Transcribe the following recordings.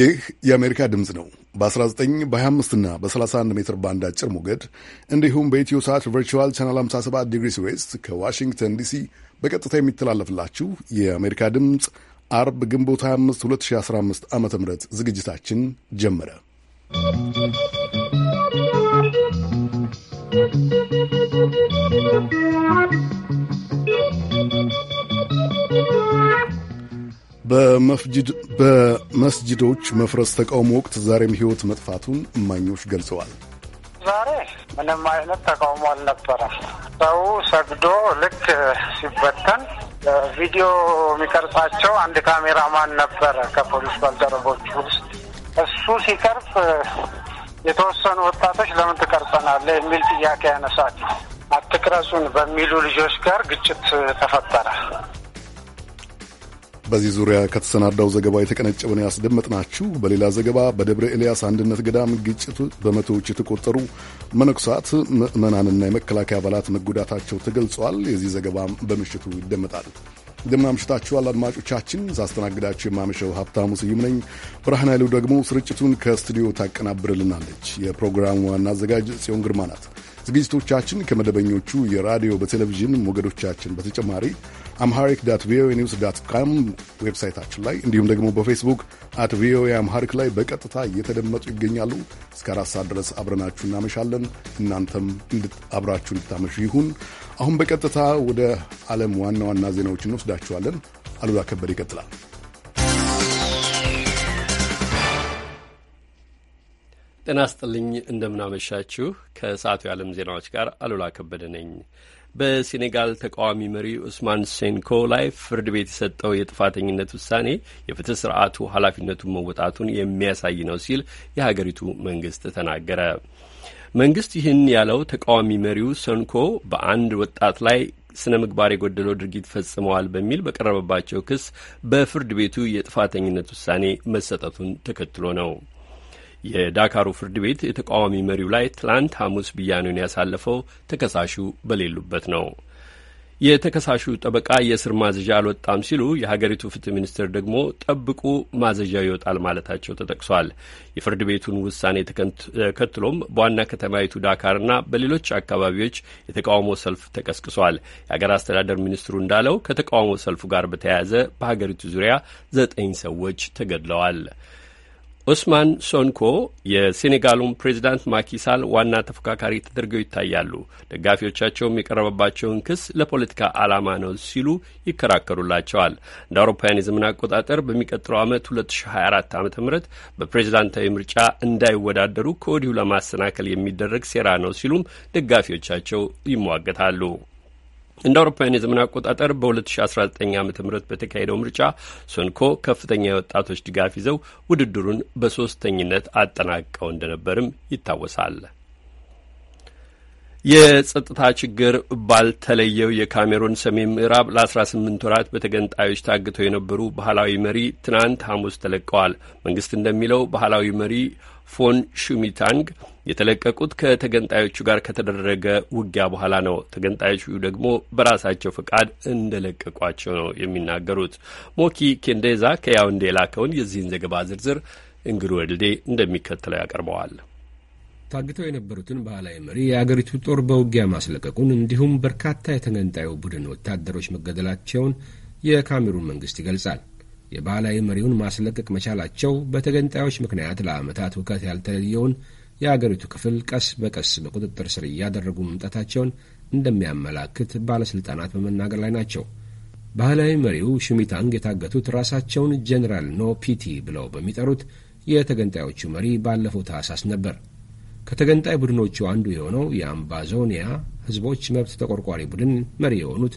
ይህ የአሜሪካ ድምፅ ነው። በ19 በ25 እና በ31 ሜትር ባንድ አጭር ሞገድ እንዲሁም በኢትዮ ሰዓት ቨርቹዋል ቻናል 57 ዲግሪስ ዌስት ከዋሽንግተን ዲሲ በቀጥታ የሚተላለፍላችሁ የአሜሪካ ድምፅ አርብ ግንቦት 25 2015 ዓ ም ዝግጅታችን ጀመረ። ¶¶ በመስጅዶች መፍረስ ተቃውሞ ወቅት ዛሬም ሕይወት መጥፋቱን እማኞች ገልጸዋል። ዛሬ ምንም አይነት ተቃውሞ አልነበረ። ሰው ሰግዶ ልክ ሲበተን ቪዲዮ የሚቀርጻቸው አንድ ካሜራማን ነበረ ከፖሊስ ባልደረቦች ውስጥ። እሱ ሲቀርጽ የተወሰኑ ወጣቶች ለምን ትቀርጸናለህ የሚል ጥያቄ ያነሳል። አትቅረጹን በሚሉ ልጆች ጋር ግጭት ተፈጠረ። በዚህ ዙሪያ ከተሰናዳው ዘገባ የተቀነጨበን ነው ያስደመጥናችሁ። በሌላ ዘገባ በደብረ ኤልያስ አንድነት ገዳም ግጭት በመቶዎች የተቆጠሩ መነኩሳት፣ ምዕመናንና የመከላከያ አባላት መጎዳታቸው ተገልጿል። የዚህ ዘገባም በምሽቱ ይደመጣል። እንደምናምሽታችኋል አድማጮቻችን። ሳስተናግዳችሁ የማመሸው ሀብታሙ ስዩም ነኝ። ብርሃን ኃይሉ ደግሞ ስርጭቱን ከስቱዲዮ ታቀናብርልናለች። የፕሮግራሙ ዋና አዘጋጅ ጽዮን ግርማ ናት። ዝግጅቶቻችን ከመደበኞቹ የራዲዮ በቴሌቪዥን ሞገዶቻችን በተጨማሪ አምሃሪክ ዳት ቪኦኤ ኒውስ ዳት ካም ዌብሳይታችን ላይ እንዲሁም ደግሞ በፌስቡክ አት ቪኦኤ አምሃሪክ ላይ በቀጥታ እየተደመጡ ይገኛሉ። እስከ አራት ሰዓት ድረስ አብረናችሁ እናመሻለን። እናንተም አብራችሁ እንድታመሹ ይሁን። አሁን በቀጥታ ወደ ዓለም ዋና ዋና ዜናዎች እንወስዳችኋለን። አሉላ ከበደ ይቀጥላል። ጤና ስጥልኝ እንደምናመሻችሁ። ከሰዓቱ የዓለም ዜናዎች ጋር አሉላ ከበደ ነኝ። በሴኔጋል ተቃዋሚ መሪ ኡስማን ሴንኮ ላይ ፍርድ ቤት የሰጠው የጥፋተኝነት ውሳኔ የፍትህ ስርዓቱ ኃላፊነቱን መወጣቱን የሚያሳይ ነው ሲል የሀገሪቱ መንግስት ተናገረ። መንግስት ይህን ያለው ተቃዋሚ መሪው ሰንኮ በአንድ ወጣት ላይ ስነ ምግባር የጎደለው ድርጊት ፈጽመዋል በሚል በቀረበባቸው ክስ በፍርድ ቤቱ የጥፋተኝነት ውሳኔ መሰጠቱን ተከትሎ ነው። የዳካሩ ፍርድ ቤት የተቃዋሚ መሪው ላይ ትላንት ሐሙስ ብያኔውን ያሳለፈው ተከሳሹ በሌሉበት ነው። የተከሳሹ ጠበቃ የእስር ማዘዣ አልወጣም ሲሉ የሀገሪቱ ፍትህ ሚኒስትር ደግሞ ጠብቁ ማዘዣ ይወጣል ማለታቸው ተጠቅሷል። የፍርድ ቤቱን ውሳኔ ተከትሎም በዋና ከተማይቱ ዳካርና በሌሎች አካባቢዎች የተቃውሞ ሰልፍ ተቀስቅሷል። የሀገር አስተዳደር ሚኒስትሩ እንዳለው ከተቃውሞ ሰልፉ ጋር በተያያዘ በሀገሪቱ ዙሪያ ዘጠኝ ሰዎች ተገድለዋል። ኦስማን ሶንኮ የሴኔጋሉን ፕሬዚዳንት ማኪሳል ዋና ተፎካካሪ ተደርገው ይታያሉ። ደጋፊዎቻቸውም የቀረበባቸውን ክስ ለፖለቲካ ዓላማ ነው ሲሉ ይከራከሩላቸዋል። እንደ አውሮፓውያን የዘመን አቆጣጠር በሚቀጥለው ዓመት 2024 ዓ ም በፕሬዚዳንታዊ ምርጫ እንዳይወዳደሩ ከወዲሁ ለማሰናከል የሚደረግ ሴራ ነው ሲሉም ደጋፊዎቻቸው ይሟገታሉ። እንደ አውሮፓውያን የዘመን አቆጣጠር በ2019 ዓ ም በተካሄደው ምርጫ ሶንኮ ከፍተኛ የወጣቶች ድጋፍ ይዘው ውድድሩን በሶስተኝነት አጠናቀው እንደነበርም ይታወሳል። የጸጥታ ችግር ባልተለየው የካሜሩን ሰሜን ምዕራብ ለ18 ወራት በተገንጣዮች ታግተው የነበሩ ባህላዊ መሪ ትናንት ሐሙስ ተለቀዋል። መንግስት እንደሚለው ባህላዊ መሪ ፎን ሹሚታንግ የተለቀቁት ከተገንጣዮቹ ጋር ከተደረገ ውጊያ በኋላ ነው። ተገንጣዮቹ ደግሞ በራሳቸው ፈቃድ እንደለቀቋቸው ነው የሚናገሩት። ሞኪ ኬንዴዛ ከያውንዴ የላከውን የዚህን ዘገባ ዝርዝር እንግዱ ወልዴ እንደሚከተለው ያቀርበዋል። ታግተው የነበሩትን ባህላዊ መሪ የአገሪቱ ጦር በውጊያ ማስለቀቁን እንዲሁም በርካታ የተገንጣዩ ቡድን ወታደሮች መገደላቸውን የካሜሩን መንግስት ይገልጻል። የባህላዊ መሪውን ማስለቀቅ መቻላቸው በተገንጣዮች ምክንያት ለዓመታት ውከት ያልተለየውን የአገሪቱ ክፍል ቀስ በቀስ በቁጥጥር ስር እያደረጉ መምጣታቸውን እንደሚያመላክት ባለሥልጣናት በመናገር ላይ ናቸው። ባህላዊ መሪው ሹሚታንግ የታገቱት ራሳቸውን ጄኔራል ፒቲ ብለው በሚጠሩት የተገንጣዮቹ መሪ ባለፈው ታህሳስ ነበር። ከተገንጣይ ቡድኖቹ አንዱ የሆነው የአምባዞኒያ ህዝቦች መብት ተቆርቋሪ ቡድን መሪ የሆኑት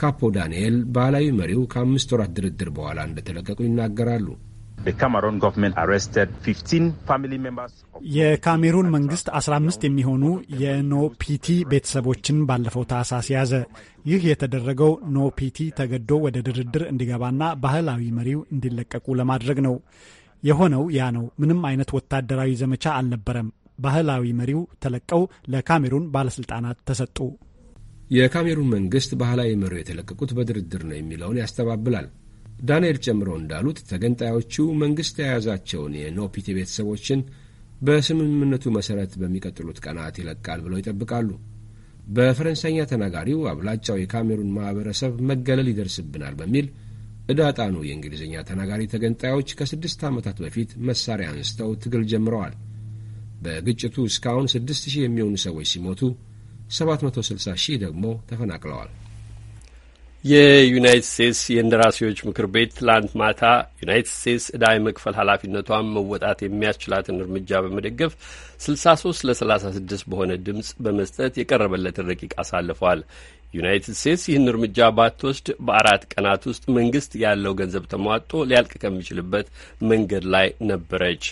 ካፖ ዳንኤል ባህላዊ መሪው ከአምስት ወራት ድርድር በኋላ እንደተለቀቁ ይናገራሉ። የካሜሩን መንግስት 15 የሚሆኑ የኖፒቲ ቤተሰቦችን ባለፈው ታህሳስ ያዘ። ይህ የተደረገው ኖፒቲ ተገዶ ወደ ድርድር እንዲገባና ባህላዊ መሪው እንዲለቀቁ ለማድረግ ነው። የሆነው ያ ነው። ምንም አይነት ወታደራዊ ዘመቻ አልነበረም። ባህላዊ መሪው ተለቀው ለካሜሩን ባለስልጣናት ተሰጡ። የካሜሩን መንግስት ባህላዊ መሪው የተለቀቁት በድርድር ነው የሚለውን ያስተባብላል። ዳንኤል ጨምሮ እንዳሉት ተገንጣዮቹ መንግስት የያዛቸውን የኖፒቴ ቤተሰቦችን በስምምነቱ መሠረት በሚቀጥሉት ቀናት ይለቃል ብለው ይጠብቃሉ። በፈረንሳይኛ ተናጋሪው አብላጫው የካሜሩን ማኅበረሰብ መገለል ይደርስብናል በሚል እዳጣኑ የእንግሊዝኛ ተናጋሪ ተገንጣዮች ከስድስት ዓመታት በፊት መሣሪያ አንስተው ትግል ጀምረዋል። በግጭቱ እስካሁን 6000 የሚሆኑ ሰዎች ሲሞቱ 760 ሺህ ደግሞ ተፈናቅለዋል። የዩናይትድ ስቴትስ የእንደራሴዎች ምክር ቤት ትላንት ማታ ዩናይትድ ስቴትስ ዕዳ የመክፈል ኃላፊነቷን መወጣት የሚያስችላትን እርምጃ በመደገፍ 63 ለ36 በሆነ ድምፅ በመስጠት የቀረበለትን ረቂቅ አሳልፏል። ዩናይትድ ስቴትስ ይህን እርምጃ ባትወስድ በአራት ቀናት ውስጥ መንግስት ያለው ገንዘብ ተሟጦ ሊያልቅ ከሚችልበት መንገድ ላይ ነበረች።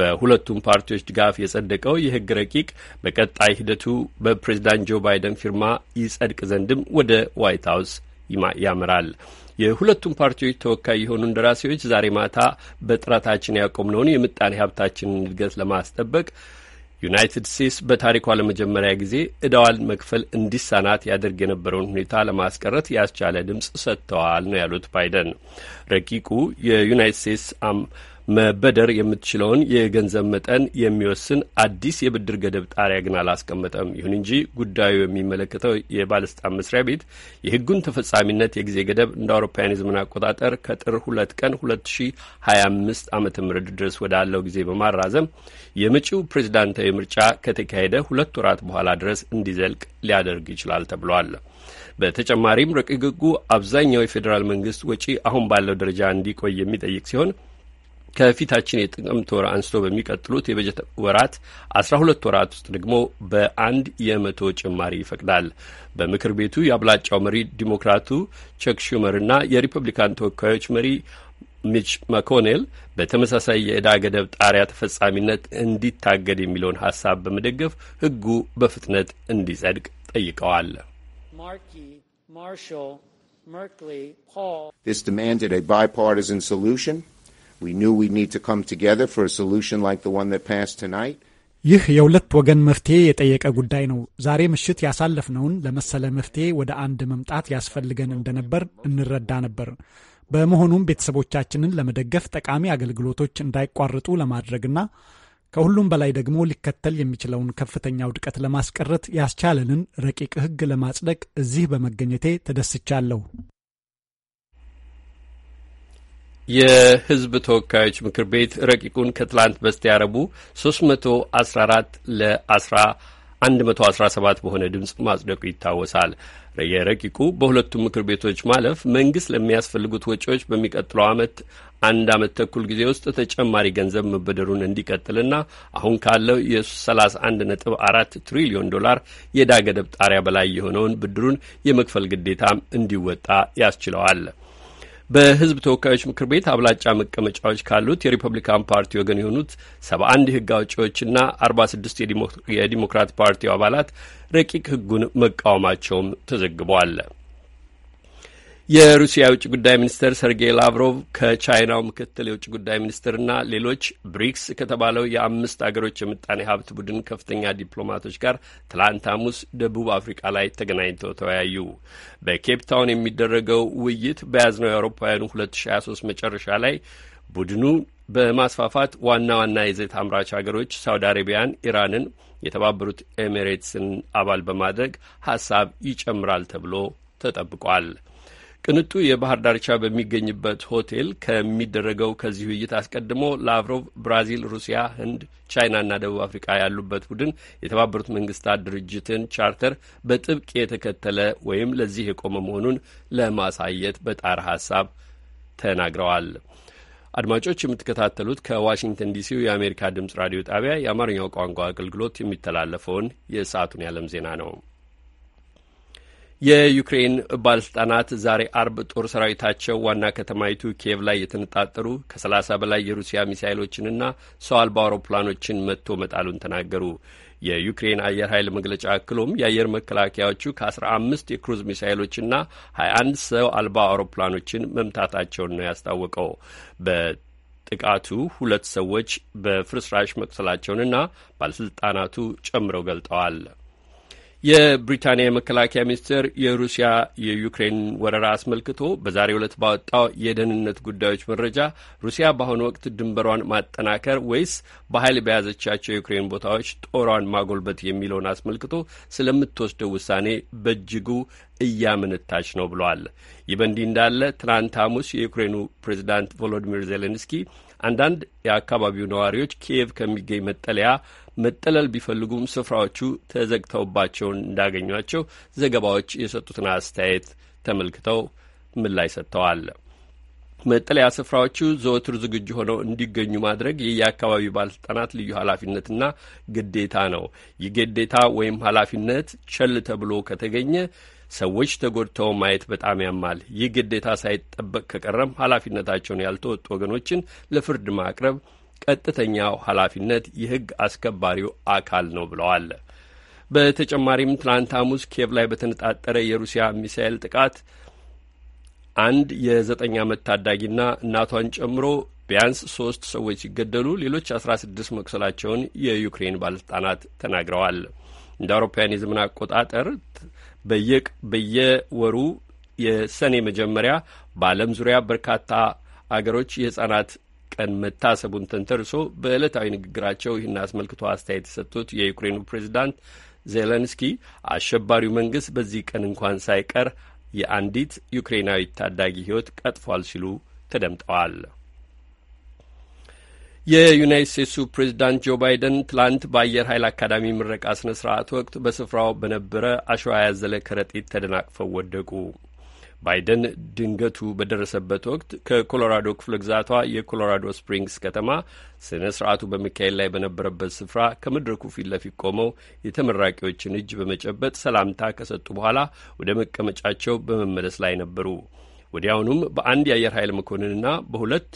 በሁለቱም ፓርቲዎች ድጋፍ የጸደቀው የህግ ረቂቅ በቀጣይ ሂደቱ በፕሬዚዳንት ጆ ባይደን ፊርማ ይጸድቅ ዘንድም ወደ ዋይት ሀውስ ያምራል። የሁለቱም ፓርቲዎች ተወካይ የሆኑ እንደራሴዎች ዛሬ ማታ በጥረታችን ያቆምነውን የምጣኔ ሀብታችንን እድገት ለማስጠበቅ ዩናይትድ ስቴትስ በታሪኳ ለመጀመሪያ ጊዜ እዳዋን መክፈል እንዲሳናት ያደርግ የነበረውን ሁኔታ ለማስቀረት ያስቻለ ድምፅ ሰጥተዋል ነው ያሉት ባይደን። ረቂቁ የዩናይትድ ስቴትስ መበደር የምትችለውን የገንዘብ መጠን የሚወስን አዲስ የብድር ገደብ ጣሪያ ግን አላስቀመጠም። ይሁን እንጂ ጉዳዩ የሚመለከተው የባለስልጣን መስሪያ ቤት የሕጉን ተፈጻሚነት የጊዜ ገደብ እንደ አውሮፓውያን የዘመን አቆጣጠር ከጥር ሁለት ቀን ሁለት ሺ ሀያ አምስት ዓመተ ምህረት ድረስ ወዳለው ጊዜ በማራዘም የመጪው ፕሬዚዳንታዊ ምርጫ ከተካሄደ ሁለት ወራት በኋላ ድረስ እንዲዘልቅ ሊያደርግ ይችላል ተብሏል። በተጨማሪም ረቂቅ ሕጉ አብዛኛው የፌዴራል መንግስት ወጪ አሁን ባለው ደረጃ እንዲቆይ የሚጠይቅ ሲሆን ከፊታችን የጥቅምት ወር አንስቶ በሚቀጥሉት የበጀት ወራት አስራ ሁለት ወራት ውስጥ ደግሞ በአንድ የመቶ ጭማሪ ይፈቅዳል። በምክር ቤቱ የአብላጫው መሪ ዲሞክራቱ ቸክ ሹመርና የሪፐብሊካን ተወካዮች መሪ ሚች መኮኔል በተመሳሳይ የዕዳ ገደብ ጣሪያ ተፈጻሚነት እንዲታገድ የሚለውን ሀሳብ በመደገፍ ሕጉ በፍጥነት እንዲጸድቅ ጠይቀዋል። This demanded a bipartisan solution. We knew we'd need to come together for a solution like the one that passed tonight. ይህ የሁለት ወገን መፍትሄ የጠየቀ ጉዳይ ነው። ዛሬ ምሽት ያሳለፍነውን ለመሰለ መፍትሄ ወደ አንድ መምጣት ያስፈልገን እንደነበር እንረዳ ነበር። በመሆኑም ቤተሰቦቻችንን ለመደገፍ ጠቃሚ አገልግሎቶች እንዳይቋርጡ ለማድረግና ከሁሉም በላይ ደግሞ ሊከተል የሚችለውን ከፍተኛ ውድቀት ለማስቀረት ያስቻለንን ረቂቅ ሕግ ለማጽደቅ እዚህ በመገኘቴ ተደስቻለሁ። የህዝብ ተወካዮች ምክር ቤት ረቂቁን ከትላንት በስቲያ ረቡዕ 314 ለ117 በሆነ ድምፅ ማጽደቁ ይታወሳል። የረቂቁ በሁለቱም ምክር ቤቶች ማለፍ መንግስት ለሚያስፈልጉት ወጪዎች በሚቀጥለው ዓመት አንድ አመት ተኩል ጊዜ ውስጥ ተጨማሪ ገንዘብ መበደሩን እንዲቀጥልና አሁን ካለው የ31 ነጥብ አራት ትሪሊዮን ዶላር የዕዳ ገደብ ጣሪያ በላይ የሆነውን ብድሩን የመክፈል ግዴታም እንዲወጣ ያስችለዋል። በህዝብ ተወካዮች ምክር ቤት አብላጫ መቀመጫዎች ካሉት የሪፐብሊካን ፓርቲ ወገን የሆኑት 71 ህግ አውጪዎችና 46 የዲሞክራት ፓርቲው አባላት ረቂቅ ህጉን መቃወማቸውም ተዘግቧል። የሩሲያ የውጭ ጉዳይ ሚኒስትር ሰርጌይ ላቭሮቭ ከቻይናው ምክትል የውጭ ጉዳይ ሚኒስትርና ሌሎች ብሪክስ ከተባለው የአምስት አገሮች የምጣኔ ሀብት ቡድን ከፍተኛ ዲፕሎማቶች ጋር ትላንት ሐሙስ ደቡብ አፍሪቃ ላይ ተገናኝተው ተወያዩ። በኬፕ ታውን የሚደረገው ውይይት በያዝነው የአውሮፓውያኑ 2023 መጨረሻ ላይ ቡድኑ በማስፋፋት ዋና ዋና የዘይት አምራች ሀገሮች ሳውዲ አረቢያን፣ ኢራንን፣ የተባበሩት ኤሚሬትስን አባል በማድረግ ሀሳብ ይጨምራል ተብሎ ተጠብቋል። ቅንጡ የባህር ዳርቻ በሚገኝበት ሆቴል ከሚደረገው ከዚህ ውይይት አስቀድሞ ላቭሮቭ ብራዚል፣ ሩሲያ፣ ህንድ፣ ቻይናና ደቡብ አፍሪካ ያሉበት ቡድን የተባበሩት መንግስታት ድርጅትን ቻርተር በጥብቅ የተከተለ ወይም ለዚህ የቆመ መሆኑን ለማሳየት በጣር ሀሳብ ተናግረዋል። አድማጮች የምትከታተሉት ከዋሽንግተን ዲሲው የአሜሪካ ድምጽ ራዲዮ ጣቢያ የአማርኛው ቋንቋ አገልግሎት የሚተላለፈውን የሰዓቱን የዓለም ዜና ነው። የዩክሬን ባለስልጣናት ዛሬ አርብ ጦር ሰራዊታቸው ዋና ከተማይቱ ኪየቭ ላይ የተነጣጠሩ ከ 3 በላይ የሩሲያ ሚሳይሎችንና ሰው አልባ አውሮፕላኖችን መጥቶ መጣሉን ተናገሩ። የዩክሬን አየር ኃይል መግለጫ አክሎም የአየር መከላከያዎቹ ከ15 የክሩዝ ሚሳይሎችና 21 ሰው አልባ አውሮፕላኖችን መምታታቸውን ነው ያስታወቀው። በጥቃቱ ሁለት ሰዎች በፍርስራሽ መቁሰላቸውንና ባለስልጣናቱ ጨምረው ገልጠዋል። የብሪታንያ የመከላከያ ሚኒስቴር የሩሲያ የዩክሬን ወረራ አስመልክቶ በዛሬው ዕለት ባወጣው የደህንነት ጉዳዮች መረጃ ሩሲያ በአሁኑ ወቅት ድንበሯን ማጠናከር ወይስ በኃይል በያዘቻቸው የዩክሬን ቦታዎች ጦሯን ማጎልበት የሚለውን አስመልክቶ ስለምትወስደው ውሳኔ በእጅጉ እያመነታች ነው ብለዋል። ይህ በእንዲህ እንዳለ ትናንት ሐሙስ የዩክሬኑ ፕሬዚዳንት ቮሎዲሚር ዜሌንስኪ አንዳንድ የአካባቢው ነዋሪዎች ኪየቭ ከሚገኝ መጠለያ መጠለል ቢፈልጉም ስፍራዎቹ ተዘግተውባቸውን እንዳገኟቸው ዘገባዎች የሰጡትን አስተያየት ተመልክተው ምላሽ ሰጥተዋል። መጠለያ ስፍራዎቹ ዘወትር ዝግጁ ሆነው እንዲገኙ ማድረግ የየአካባቢ ባለስልጣናት ልዩ ኃላፊነትና ግዴታ ነው። ይህ ግዴታ ወይም ኃላፊነት ቸል ተብሎ ከተገኘ ሰዎች ተጎድተው ማየት በጣም ያማል። ይህ ግዴታ ሳይጠበቅ ከቀረም ኃላፊነታቸውን ያልተወጡ ወገኖችን ለፍርድ ማቅረብ ቀጥተኛው ኃላፊነት የሕግ አስከባሪው አካል ነው ብለዋል። በተጨማሪም ትላንት ሐሙስ ኬቭ ላይ በተነጣጠረ የሩሲያ ሚሳኤል ጥቃት አንድ የዘጠኝ ዓመት ታዳጊና እናቷን ጨምሮ ቢያንስ ሶስት ሰዎች ሲገደሉ ሌሎች አስራ ስድስት መቁሰላቸውን የዩክሬን ባለስልጣናት ተናግረዋል። እንደ አውሮፓውያን የዘመን አቆጣጠር በየቅ በየወሩ የሰኔ መጀመሪያ በዓለም ዙሪያ በርካታ አገሮች የህጻናት ቀን መታሰቡን ተንተርሶ በዕለታዊ ንግግራቸው ይህን አስመልክቶ አስተያየት የሰጡት የዩክሬኑ ፕሬዚዳንት ዜሌንስኪ አሸባሪው መንግስት በዚህ ቀን እንኳን ሳይቀር የአንዲት ዩክሬናዊት ታዳጊ ሕይወት ቀጥፏል ሲሉ ተደምጠዋል። የዩናይት ስቴትሱ ፕሬዚዳንት ጆ ባይደን ትላንት በአየር ኃይል አካዳሚ ምረቃ ስነ ስርዓት ወቅት በስፍራው በነበረ አሸዋ ያዘለ ከረጢት ተደናቅፈው ወደቁ። ባይደን ድንገቱ በደረሰበት ወቅት ከኮሎራዶ ክፍለ ግዛቷ የኮሎራዶ ስፕሪንግስ ከተማ ስነ ስርዓቱ በመካሄድ ላይ በነበረበት ስፍራ ከመድረኩ ፊት ለፊት ቆመው የተመራቂዎችን እጅ በመጨበጥ ሰላምታ ከሰጡ በኋላ ወደ መቀመጫቸው በመመለስ ላይ ነበሩ። ወዲያውኑም በአንድ የአየር ኃይል መኮንንና በሁለት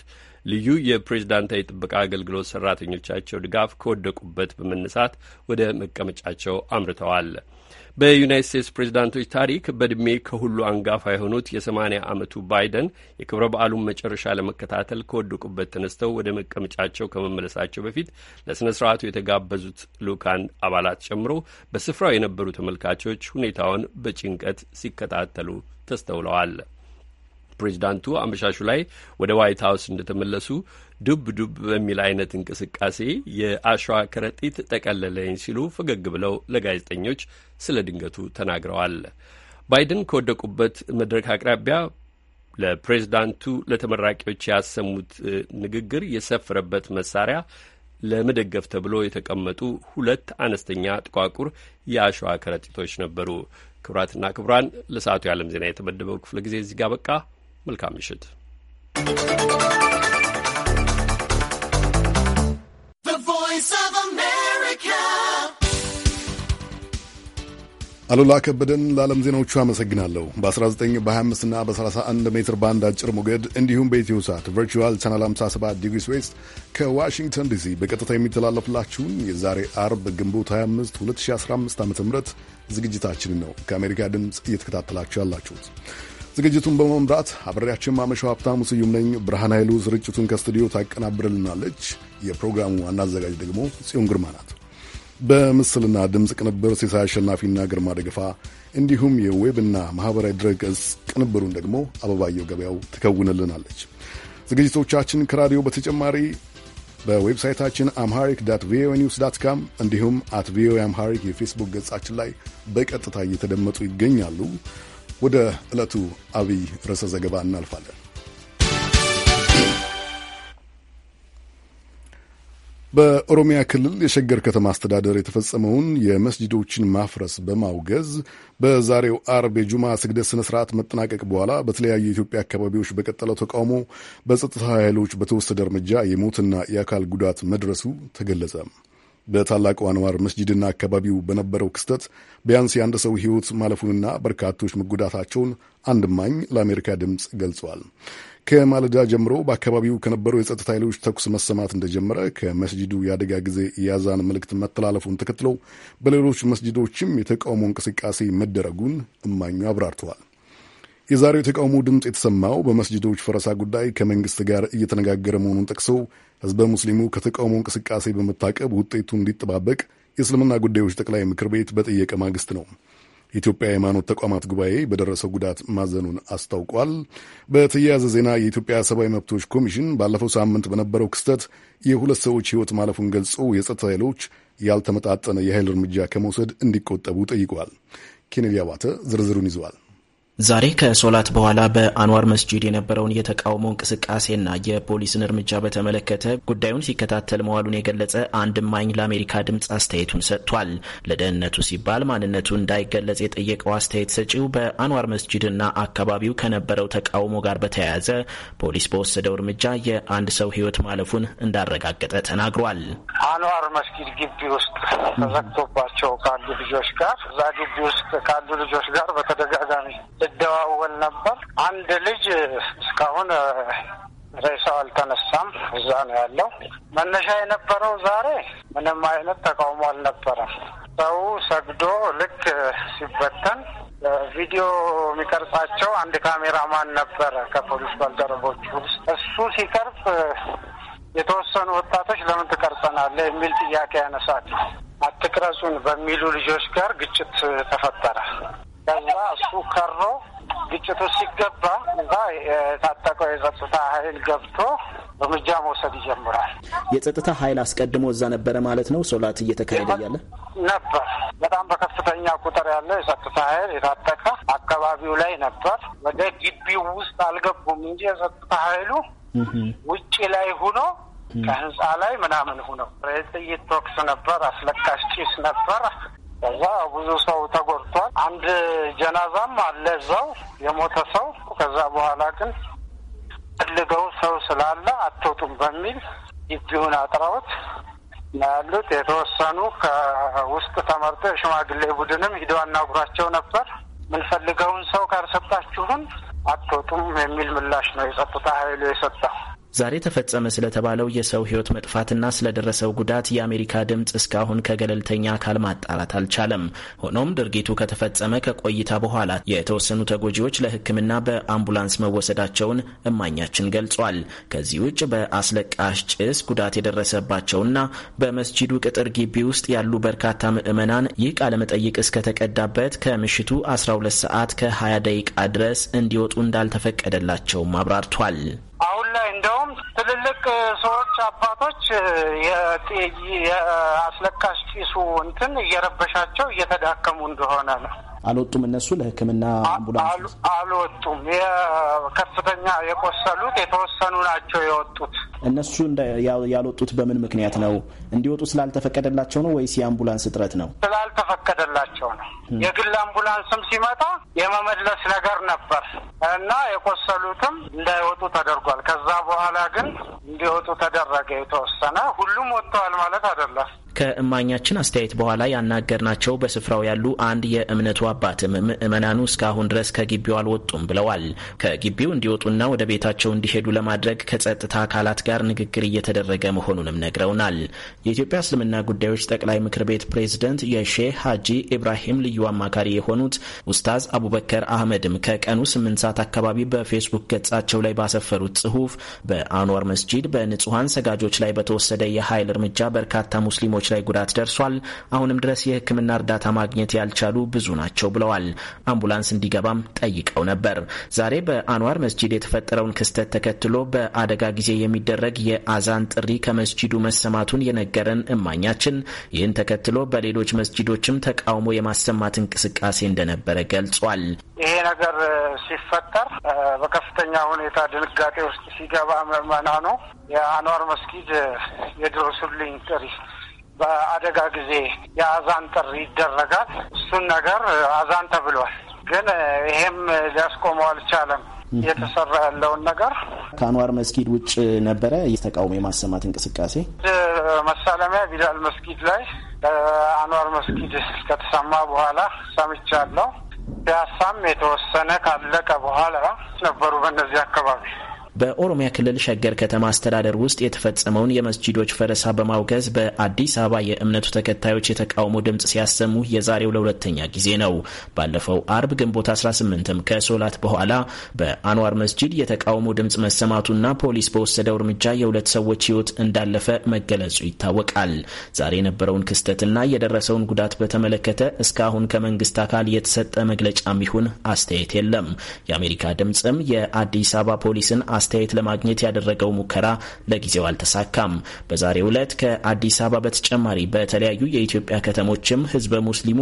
ልዩ የፕሬዝዳንታዊ ጥበቃ አገልግሎት ሰራተኞቻቸው ድጋፍ ከወደቁበት በመነሳት ወደ መቀመጫቸው አምርተዋል። በዩናይት ስቴትስ ፕሬዚዳንቶች ታሪክ በእድሜ ከሁሉ አንጋፋ የሆኑት የሰማኒያ ዓመቱ ባይደን የክብረ በዓሉን መጨረሻ ለመከታተል ከወደቁበት ተነስተው ወደ መቀመጫቸው ከመመለሳቸው በፊት ለሥነ ስርዓቱ የተጋበዙት ልኡካን አባላት ጨምሮ በስፍራው የነበሩ ተመልካቾች ሁኔታውን በጭንቀት ሲከታተሉ ተስተውለዋል። ፕሬዚዳንቱ አመሻሹ ላይ ወደ ዋይት ሀውስ እንደተመለሱ ዱብ ዱብ በሚል አይነት እንቅስቃሴ የአሸዋ ከረጢት ጠቀለለኝ ሲሉ ፈገግ ብለው ለጋዜጠኞች ስለ ድንገቱ ተናግረዋል። ባይደን ከወደቁበት መድረክ አቅራቢያ ለፕሬዚዳንቱ ለተመራቂዎች ያሰሙት ንግግር የሰፈረበት መሳሪያ ለመደገፍ ተብሎ የተቀመጡ ሁለት አነስተኛ ጥቋቁር የአሸዋ ከረጢቶች ነበሩ። ክቡራትና ክቡራን ለሰዓቱ የዓለም ዜና የተመደበው ክፍለ ጊዜ እዚህ ጋ በቃ። መልካም ምሽት። አሉላ ከበደን ለዓለም ዜናዎቹ አመሰግናለሁ። በ19 በ25 እና በ31 ሜትር ባንድ አጭር ሞገድ እንዲሁም በኢትዮ ሳት ቨርቹዋል ቻናል 57 ዲግሪስ ዌስት ከዋሽንግተን ዲሲ በቀጥታ የሚተላለፍላችሁን የዛሬ አርብ ግንቦት 25 2015 ዓ ም ዝግጅታችንን ነው ከአሜሪካ ድምፅ እየተከታተላችሁ ያላችሁት። ዝግጅቱን በመምራት አብሬያችን ማመሻው ሀብታሙ ስዩም ነኝ። ብርሃን ኃይሉ ስርጭቱን ከስቱዲዮ ታቀናብርልናለች። የፕሮግራሙ ዋና አዘጋጅ ደግሞ ጽዮን ግርማ ናት። በምስልና ድምፅ ቅንብር ሲሳይ አሸናፊና ግርማ ደግፋ እንዲሁም የዌብና ማኅበራዊ ድረገጽ ቅንብሩን ደግሞ አበባየው ገበያው ትከውንልናለች። ዝግጅቶቻችን ከራዲዮ በተጨማሪ በዌብሳይታችን አምሃሪክ ዳት ቪኦኤ ኒውስ ዳት ካም እንዲሁም አት ቪኦኤ አምሃሪክ የፌስቡክ ገጻችን ላይ በቀጥታ እየተደመጡ ይገኛሉ። ወደ ዕለቱ አብይ ርዕሰ ዘገባ እናልፋለን። በኦሮሚያ ክልል የሸገር ከተማ አስተዳደር የተፈጸመውን የመስጂዶችን ማፍረስ በማውገዝ በዛሬው አርብ የጁማ ስግደት ስነ ስርዓት መጠናቀቅ በኋላ በተለያዩ የኢትዮጵያ አካባቢዎች በቀጠለው ተቃውሞ በጸጥታ ኃይሎች በተወሰደ እርምጃ የሞትና የአካል ጉዳት መድረሱ ተገለጸ። በታላቁ አንዋር መስጂድና አካባቢው በነበረው ክስተት ቢያንስ የአንድ ሰው ሕይወት ማለፉንና በርካቶች መጎዳታቸውን አንድ ለአሜሪካ ድምፅ ገልጿል። ከማለዳ ጀምሮ በአካባቢው ከነበሩ የጸጥታ ኃይሎች ተኩስ መሰማት እንደጀመረ ከመስጂዱ የአደጋ ጊዜ የአዛን መልእክት መተላለፉን ተከትሎ በሌሎች መስጂዶችም የተቃውሞ እንቅስቃሴ መደረጉን እማኙ አብራርተዋል። የዛሬው የተቃውሞ ድምፅ የተሰማው በመስጂዶች ፈረሳ ጉዳይ ከመንግስት ጋር እየተነጋገረ መሆኑን ጠቅሰው ህዝበ ሙስሊሙ ከተቃውሞ እንቅስቃሴ በመታቀብ ውጤቱ እንዲጠባበቅ የእስልምና ጉዳዮች ጠቅላይ ምክር ቤት በጠየቀ ማግስት ነው። የኢትዮጵያ የሃይማኖት ተቋማት ጉባኤ በደረሰው ጉዳት ማዘኑን አስታውቋል። በተያያዘ ዜና የኢትዮጵያ ሰብአዊ መብቶች ኮሚሽን ባለፈው ሳምንት በነበረው ክስተት የሁለት ሰዎች ሕይወት ማለፉን ገልጾ የጸጥታ ኃይሎች ያልተመጣጠነ የኃይል እርምጃ ከመውሰድ እንዲቆጠቡ ጠይቋል። ኬኔዲ አባተ ዝርዝሩን ይዘዋል። ዛሬ ከሶላት በኋላ በአንዋር መስጂድ የነበረውን የተቃውሞ እንቅስቃሴና የፖሊስን እርምጃ በተመለከተ ጉዳዩን ሲከታተል መዋሉን የገለጸ አንድ ማኝ ለአሜሪካ ድምፅ አስተያየቱን ሰጥቷል። ለደህንነቱ ሲባል ማንነቱ እንዳይገለጽ የጠየቀው አስተያየት ሰጪው በአንዋር መስጂድና አካባቢው ከነበረው ተቃውሞ ጋር በተያያዘ ፖሊስ በወሰደው እርምጃ የአንድ ሰው ሕይወት ማለፉን እንዳረጋገጠ ተናግሯል። አንዋር መስጂድ ግቢ ውስጥ ተዘግቶባቸው ካሉ ልጆች ጋር እዛ ግቢ ውስጥ ካሉ ልጆች ጋር በተደጋጋሚ ይደዋወል ነበር። አንድ ልጅ እስካሁን ሬሳው አልተነሳም። እዛ ነው ያለው። መነሻ የነበረው ዛሬ ምንም አይነት ተቃውሞ አልነበረም። ሰው ሰግዶ ልክ ሲበተን ቪዲዮ የሚቀርጻቸው አንድ ካሜራማን ነበረ ከፖሊስ ባልደረቦች ውስጥ። እሱ ሲቀርጽ የተወሰኑ ወጣቶች ለምን ትቀርጸናለህ የሚል ጥያቄ ያነሳት አትቅረጹን በሚሉ ልጆች ጋር ግጭት ተፈጠረ። ከዛ እሱ ከሮ ግጭቱ ሲገባ እዛ የታጠቀው የጸጥታ ኃይል ገብቶ እርምጃ መውሰድ ይጀምራል። የጸጥታ ኃይል አስቀድሞ እዛ ነበረ ማለት ነው። ሶላት እየተካሄደ እያለ ነበር። በጣም በከፍተኛ ቁጥር ያለው የጸጥታ ኃይል የታጠቀ አካባቢው ላይ ነበር። ወደ ግቢው ውስጥ አልገቡም እንጂ የጸጥታ ኃይሉ ውጭ ላይ ሆኖ ከህንፃ ላይ ምናምን ሆነው ጥይት ተኩስ ነበር። አስለቃሽ ጭስ ነበር። ከዛ ብዙ ሰው ተጎድቷል። አንድ ጀናዛም አለ እዛው የሞተ ሰው። ከዛ በኋላ ግን ፈልገው ሰው ስላለ አትወጡም በሚል ግቢውን አጥረውት ነው ያሉት። የተወሰኑ ከውስጥ ተመርጠው የሽማግሌ ቡድንም ሂደው አናግሯቸው ነበር። የምንፈልገውን ሰው ካልሰጣችሁን አትወጡም የሚል ምላሽ ነው የጸጥታ ኃይሉ የሰጠው። ዛሬ ተፈጸመ ስለተባለው የሰው ህይወት መጥፋትና ስለደረሰው ጉዳት የአሜሪካ ድምፅ እስካሁን ከገለልተኛ አካል ማጣራት አልቻለም። ሆኖም ድርጊቱ ከተፈጸመ ከቆይታ በኋላ የተወሰኑ ተጎጂዎች ለሕክምና በአምቡላንስ መወሰዳቸውን እማኛችን ገልጿል። ከዚህ ውጭ በአስለቃሽ ጭስ ጉዳት የደረሰባቸውና በመስጂዱ ቅጥር ግቢ ውስጥ ያሉ በርካታ ምዕመናን ይህ ቃለመጠይቅ እስከተቀዳበት ከምሽቱ 12 ሰዓት ከ20 ደቂቃ ድረስ እንዲወጡ እንዳልተፈቀደላቸውም አብራርቷል። አሁን ላይ እንደውም ትልልቅ ሰዎች አባቶች የአስለቃሽ ጢሱ እንትን እየረበሻቸው እየተዳከሙ እንደሆነ ነው አልወጡም። እነሱ ለሕክምና አምቡላንስ አልወጡም። ከፍተኛ የቆሰሉት የተወሰኑ ናቸው የወጡት። እነሱ ያልወጡት በምን ምክንያት ነው? እንዲወጡ ስላልተፈቀደላቸው ነው ወይስ የአምቡላንስ እጥረት ነው? ስላልተፈቀደላቸው ነው። የግል አምቡላንስም ሲመጣ የመመለስ ነገር ነበር እና የቆሰሉትም እንዳይወጡ ተደርጓል። ከዛ በኋላ ግን እንዲወጡ ተደረገ የተወሰነ። ሁሉም ወጥተዋል ማለት አይደለም። ከእማኛችን አስተያየት በኋላ ያናገርናቸው በስፍራው ያሉ አንድ የእምነቱ አባትም ምዕመናኑ እስካሁን ድረስ ከግቢው አልወጡም ብለዋል። ከግቢው እንዲወጡና ወደ ቤታቸው እንዲሄዱ ለማድረግ ከጸጥታ አካላት ጋር ንግግር እየተደረገ መሆኑንም ነግረውናል። የኢትዮጵያ እስልምና ጉዳዮች ጠቅላይ ምክር ቤት ፕሬዝደንት የሼህ ሀጂ ኢብራሂም ልዩ አማካሪ የሆኑት ኡስታዝ አቡበከር አህመድም ከቀኑ ስምንት ሰዓት አካባቢ በፌስቡክ ገጻቸው ላይ ባሰፈሩት ጽሁፍ በአንዋር መስጂድ በንጹሐን ሰጋጆች ላይ በተወሰደ የኃይል እርምጃ በርካታ ሙስሊሞች ሰዎች ላይ ጉዳት ደርሷል። አሁንም ድረስ የሕክምና እርዳታ ማግኘት ያልቻሉ ብዙ ናቸው ብለዋል። አምቡላንስ እንዲገባም ጠይቀው ነበር። ዛሬ በአንዋር መስጂድ የተፈጠረውን ክስተት ተከትሎ በአደጋ ጊዜ የሚደረግ የአዛን ጥሪ ከመስጂዱ መሰማቱን የነገረን እማኛችን ይህን ተከትሎ በሌሎች መስጂዶችም ተቃውሞ የማሰማት እንቅስቃሴ እንደነበረ ገልጿል። ይሄ ነገር ሲፈጠር በከፍተኛ ሁኔታ ድንጋጤ ውስጥ ሲገባ ምዕመናኑ የአንዋር መስጊድ የድረሱልኝ ጥሪ በአደጋ ጊዜ የአዛን ጥሪ ይደረጋል። እሱን ነገር አዛን ተብሏል። ግን ይሄም ሊያስቆመው አልቻለም። እየተሰራ ያለውን ነገር ከአንዋር መስጊድ ውጭ ነበረ የተቃውሞ የማሰማት እንቅስቃሴ መሳለሚያ ቢላል መስጊድ ላይ አንዋር መስጊድ ከተሰማ በኋላ ሰምቻለሁ። ፒያሳም የተወሰነ ካለቀ በኋላ ነበሩ በእነዚህ አካባቢ በኦሮሚያ ክልል ሸገር ከተማ አስተዳደር ውስጥ የተፈጸመውን የመስጂዶች ፈረሳ በማውገዝ በአዲስ አበባ የእምነቱ ተከታዮች የተቃውሞ ድምፅ ሲያሰሙ የዛሬው ለሁለተኛ ጊዜ ነው። ባለፈው አርብ ግንቦት 18ም ከሶላት በኋላ በአንዋር መስጂድ የተቃውሞ ድምፅ መሰማቱና ፖሊስ በወሰደው እርምጃ የሁለት ሰዎች ሕይወት እንዳለፈ መገለጹ ይታወቃል። ዛሬ የነበረውን ክስተትና የደረሰውን ጉዳት በተመለከተ እስካሁን ከመንግስት አካል የተሰጠ መግለጫም ይሁን አስተያየት የለም። የአሜሪካ ድምፅም የአዲስ አበባ ፖሊስን አስተያየት ለማግኘት ያደረገው ሙከራ ለጊዜው አልተሳካም። በዛሬው ዕለት ከአዲስ አበባ በተጨማሪ በተለያዩ የኢትዮጵያ ከተሞችም ህዝበ ሙስሊሙ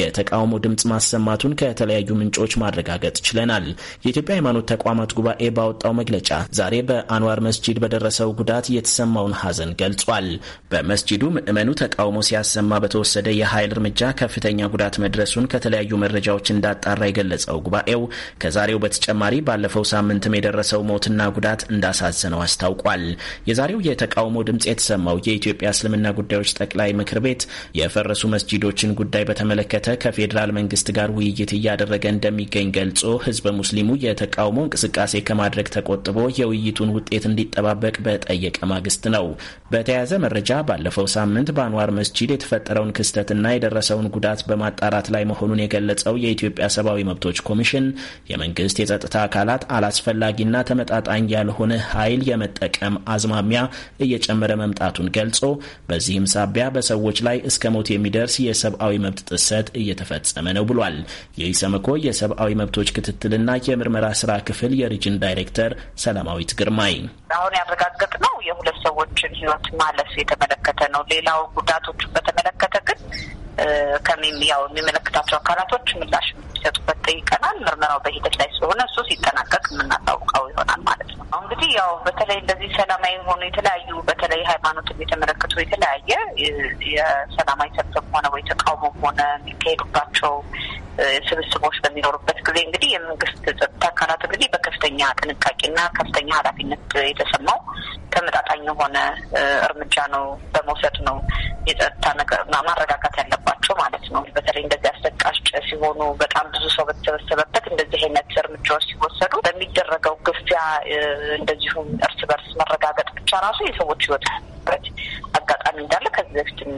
የተቃውሞ ድምፅ ማሰማቱን ከተለያዩ ምንጮች ማረጋገጥ ችለናል። የኢትዮጵያ ሃይማኖት ተቋማት ጉባኤ ባወጣው መግለጫ ዛሬ በአንዋር መስጂድ በደረሰው ጉዳት የተሰማውን ሐዘን ገልጿል። በመስጂዱ ምዕመኑ ተቃውሞ ሲያሰማ በተወሰደ የኃይል እርምጃ ከፍተኛ ጉዳት መድረሱን ከተለያዩ መረጃዎች እንዳጣራ የገለጸው ጉባኤው ከዛሬው በተጨማሪ ባለፈው ሳምንትም የደረሰው ሞትና ጉዳት እንዳሳዘነው አስታውቋል። የዛሬው የተቃውሞ ድምፅ የተሰማው የኢትዮጵያ እስልምና ጉዳዮች ጠቅላይ ምክር ቤት የፈረሱ መስጂዶችን ጉዳይ በተመለከተ ከፌዴራል መንግስት ጋር ውይይት እያደረገ እንደሚገኝ ገልጾ ህዝበ ሙስሊሙ የተቃውሞ እንቅስቃሴ ከማድረግ ተቆጥቦ የውይይቱን ውጤት እንዲጠባበቅ በጠየቀ ማግስት ነው። በተያያዘ መረጃ ባለፈው ሳምንት በአንዋር መስጂድ የተፈጠረውን ክስተትና የደረሰውን ጉዳት በማጣራት ላይ መሆኑን የገለጸው የኢትዮጵያ ሰብአዊ መብቶች ኮሚሽን የመንግስት የጸጥታ አካላት አላስፈላጊና ተመጣጣ ተመጣጣኝ ያልሆነ ኃይል የመጠቀም አዝማሚያ እየጨመረ መምጣቱን ገልጾ በዚህም ሳቢያ በሰዎች ላይ እስከ ሞት የሚደርስ የሰብአዊ መብት ጥሰት እየተፈጸመ ነው ብሏል። የኢሰመኮ የሰብአዊ መብቶች ክትትልና የምርመራ ስራ ክፍል የሪጅን ዳይሬክተር ሰላማዊት ግርማይ አሁን ያረጋገጥ ነው የሁለት ሰዎችን ህይወት ማለፍ የተመለከተ ነው። ሌላው ጉዳቶቹን በተመለከተ ያው የሚመለከታቸው አካላቶች ምላሽ የሚሰጡበት ጠይቀናል። ምርመራው በሂደት ላይ ስለሆነ እሱ ሲጠናቀቅ የምናሳውቀው ይሆናል ማለት ነው። እንግዲህ ያው በተለይ እንደዚህ ሰላማዊ የሆኑ የተለያዩ በተለይ ሃይማኖትን የተመለከቱ የተለያየ የሰላማዊ ሰልፍም ሆነ ወይ ተቃውሞም ሆነ የሚካሄዱባቸው ስብስቦች በሚኖሩበት ጊዜ እንግዲህ የመንግስት ጸጥታ አካላት እንግዲህ በከፍተኛ ጥንቃቄና ከፍተኛ ኃላፊነት የተሰማው ተመጣጣኝ የሆነ እርምጃ ነው በመውሰድ ነው የጸጥታ ነገር ማረጋጋት ያለባቸው ማለት ነው። በተለይ እንደዚህ አሰቃሽ ሲሆኑ በጣም ብዙ ሰው በተሰበሰበበት እንደዚህ አይነት እርምጃዎች ሲወሰዱ በሚደረገው ግፊያ እንደዚሁም እርስ በርስ መረጋገጥ ብቻ ራሱ የሰዎች ይወጣል የሚከበርበት አጋጣሚ እንዳለ ከዚህ በፊትም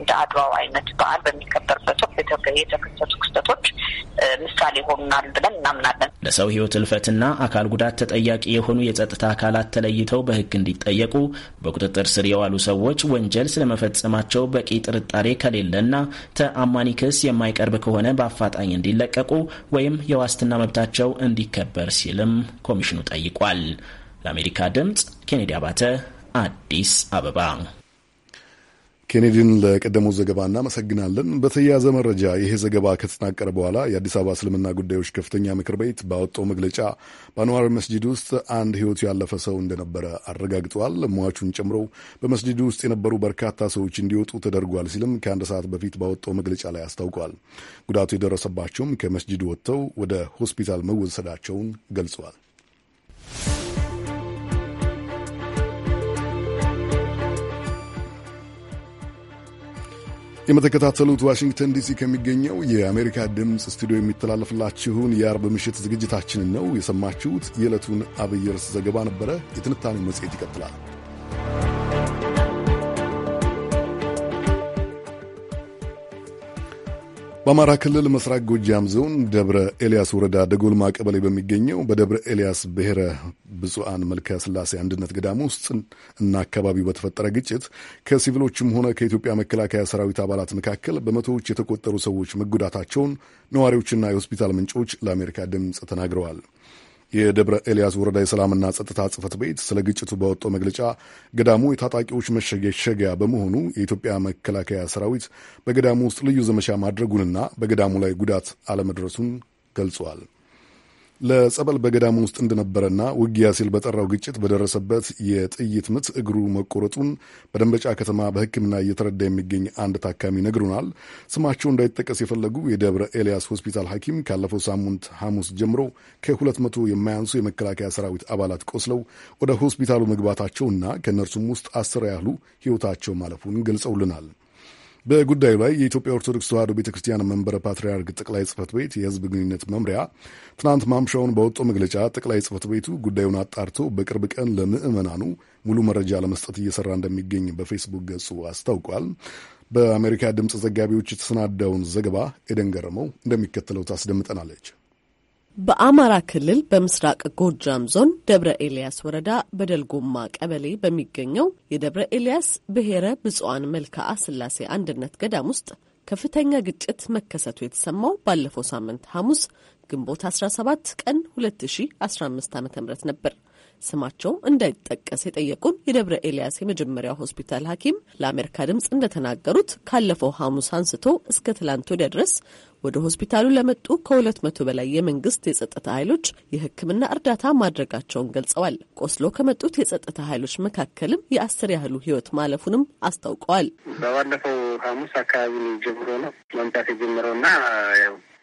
እንደ አድዋው አይነት በዓል በሚከበርበት ወቅት የተከሰቱ ክስተቶች ምሳሌ ይሆኑናል ብለን እናምናለን። ለሰው ሕይወት እልፈትና አካል ጉዳት ተጠያቂ የሆኑ የጸጥታ አካላት ተለይተው በሕግ እንዲጠየቁ በቁጥጥር ስር የዋሉ ሰዎች ወንጀል ስለመፈጸማቸው በቂ ጥርጣሬ ከሌለና ተአማኒ ክስ የማይቀርብ ከሆነ በአፋጣኝ እንዲለቀቁ ወይም የዋስትና መብታቸው እንዲከበር ሲልም ኮሚሽኑ ጠይቋል። ለአሜሪካ ድምጽ ኬኔዲ አባተ አዲስ አበባ። ኬኔዲን ለቀደመው ዘገባ እናመሰግናለን። በተያያዘ መረጃ ይሄ ዘገባ ከተጠናቀረ በኋላ የአዲስ አበባ እስልምና ጉዳዮች ከፍተኛ ምክር ቤት ባወጣው መግለጫ በአንዋር መስጂድ ውስጥ አንድ ሕይወቱ ያለፈ ሰው እንደነበረ አረጋግጠዋል። ሟቹን ጨምሮ በመስጂድ ውስጥ የነበሩ በርካታ ሰዎች እንዲወጡ ተደርጓል ሲልም ከአንድ ሰዓት በፊት ባወጣው መግለጫ ላይ አስታውቋል። ጉዳቱ የደረሰባቸውም ከመስጂድ ወጥተው ወደ ሆስፒታል መወሰዳቸውን ገልጿል። የምትከታተሉት ዋሽንግተን ዲሲ ከሚገኘው የአሜሪካ ድምፅ ስቱዲዮ የሚተላለፍላችሁን የአርብ ምሽት ዝግጅታችንን ነው የሰማችሁት። የዕለቱን አብይ ርዕስ ዘገባ ነበረ። የትንታኔው መጽሔት ይቀጥላል። በአማራ ክልል ምስራቅ ጎጃም ዞን ደብረ ኤልያስ ወረዳ ደጎልማ ቀበሌ በሚገኘው በደብረ ኤልያስ ብሔረ ብፁዓን መልከ ስላሴ አንድነት ገዳም ውስጥ እና አካባቢው በተፈጠረ ግጭት ከሲቪሎችም ሆነ ከኢትዮጵያ መከላከያ ሰራዊት አባላት መካከል በመቶዎች የተቆጠሩ ሰዎች መጎዳታቸውን ነዋሪዎችና የሆስፒታል ምንጮች ለአሜሪካ ድምፅ ተናግረዋል። የደብረ ኤልያስ ወረዳ የሰላምና ጸጥታ ጽህፈት ቤት ስለ ግጭቱ በወጣው መግለጫ ገዳሙ የታጣቂዎች መሸሸጊያ በመሆኑ የኢትዮጵያ መከላከያ ሰራዊት በገዳሙ ውስጥ ልዩ ዘመቻ ማድረጉንና በገዳሙ ላይ ጉዳት አለመድረሱን ገልጿል። ለጸበል በገዳሙ ውስጥ እንደነበረና ውጊያ ሲል በጠራው ግጭት በደረሰበት የጥይት ምት እግሩ መቆረጡን በደንበጫ ከተማ በሕክምና እየተረዳ የሚገኝ አንድ ታካሚ ነግሩናል። ስማቸው እንዳይጠቀስ የፈለጉ የደብረ ኤልያስ ሆስፒታል ሐኪም ካለፈው ሳምንት ሐሙስ ጀምሮ ከሁለት መቶ የማያንሱ የመከላከያ ሰራዊት አባላት ቆስለው ወደ ሆስፒታሉ መግባታቸውና ከእነርሱም ውስጥ አስር ያህሉ ሕይወታቸው ማለፉን ገልጸውልናል። በጉዳዩ ላይ የኢትዮጵያ ኦርቶዶክስ ተዋሕዶ ቤተ ክርስቲያን መንበረ ፓትርያርክ ጠቅላይ ጽህፈት ቤት የህዝብ ግንኙነት መምሪያ ትናንት ማምሻውን በወጡ መግለጫ ጠቅላይ ጽህፈት ቤቱ ጉዳዩን አጣርቶ በቅርብ ቀን ለምዕመናኑ ሙሉ መረጃ ለመስጠት እየሰራ እንደሚገኝ በፌስቡክ ገጹ አስታውቋል። በአሜሪካ ድምፅ ዘጋቢዎች የተሰናዳውን ዘገባ ኤደን ገረመው እንደሚከተለው ታስደምጠናለች። በአማራ ክልል በምስራቅ ጎጃም ዞን ደብረ ኤልያስ ወረዳ በደልጎማ ቀበሌ በሚገኘው የደብረ ኤልያስ ብሔረ ብፁዓን መልክዓ ስላሴ አንድነት ገዳም ውስጥ ከፍተኛ ግጭት መከሰቱ የተሰማው ባለፈው ሳምንት ሐሙስ ግንቦት 17 ቀን 2015 ዓ ም ነበር። ስማቸው እንዳይጠቀስ የጠየቁን የደብረ ኤልያስ የመጀመሪያው ሆስፒታል ሐኪም ለአሜሪካ ድምፅ እንደተናገሩት ካለፈው ሐሙስ አንስቶ እስከ ትላንት ወዲያ ድረስ ወደ ሆስፒታሉ ለመጡ ከሁለት መቶ በላይ የመንግስት የጸጥታ ኃይሎች የሕክምና እርዳታ ማድረጋቸውን ገልጸዋል። ቆስሎ ከመጡት የጸጥታ ኃይሎች መካከልም የአስር ያህሉ ሕይወት ማለፉንም አስታውቀዋል። በባለፈው ሐሙስ አካባቢ ጀምሮ ነው መምጣት የጀመረውና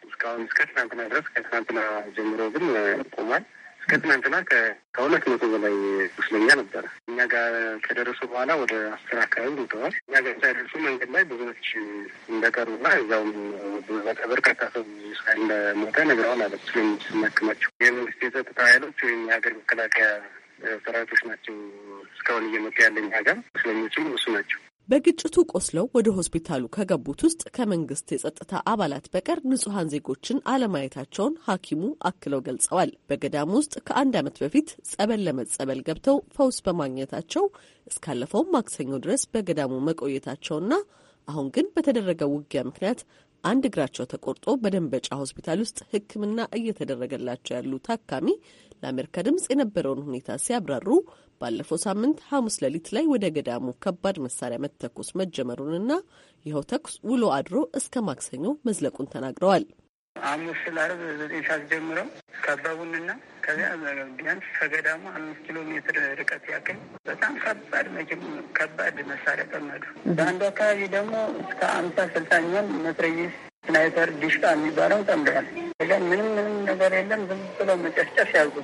እስካሁን እስከ ትናንትና ድረስ ከትናንትና ጀምሮ ግን ቆሟል። ከትናንትና ከሁለት መቶ በላይ ቁስለኛ ነበረ። እኛ ጋር ከደረሱ በኋላ ወደ አስር አካባቢ ሞተዋል። እኛ ጋር ሳይደርሱ መንገድ ላይ ብዙዎች እንደቀሩና እዛውም በርካታ ሰው እንደሞተ ነግረዋል። አለ ስለሚስናክማቸው የመንግስት የጸጥታ ኃይሎች ወይም የሀገር መከላከያ ሰራዊቶች ናቸው እስካሁን እየመጡ ያለኝ ሀገር ስለሚችሉ እሱ ናቸው በግጭቱ ቆስለው ወደ ሆስፒታሉ ከገቡት ውስጥ ከመንግስት የጸጥታ አባላት በቀር ንጹሐን ዜጎችን አለማየታቸውን ሐኪሙ አክለው ገልጸዋል። በገዳም ውስጥ ከአንድ ዓመት በፊት ጸበል ለመጸበል ገብተው ፈውስ በማግኘታቸው እስካለፈው ማክሰኞ ድረስ በገዳሙ መቆየታቸውና አሁን ግን በተደረገው ውጊያ ምክንያት አንድ እግራቸው ተቆርጦ በደንበጫ ሆስፒታል ውስጥ ሕክምና እየተደረገላቸው ያሉ ታካሚ ለአሜሪካ ድምፅ የነበረውን ሁኔታ ሲያብራሩ ባለፈው ሳምንት ሐሙስ ሌሊት ላይ ወደ ገዳሙ ከባድ መሳሪያ መተኮስ መጀመሩንና ይኸው ተኩስ ውሎ አድሮ እስከ ማክሰኞ መዝለቁን ተናግረዋል። ሐሙስ ለዓርብ ዘጠኝ ሰዓት ጀምረው ከአባቡንና ከዚያ ቢያንስ ከገዳሙ አምስት ኪሎ ሜትር ርቀት ያክል በጣም ከባድ መኪም ከባድ መሳሪያ ጠመዱ። በአንዱ አካባቢ ደግሞ እስከ አምሳ ስልሳኛን መትረየስ፣ ስናይፐር፣ ዲሽቃ የሚባለው ጠምደዋል። ምንም ምንም ነገር የለም። ዝም ብለው መጨፍጨፍ ያዙ።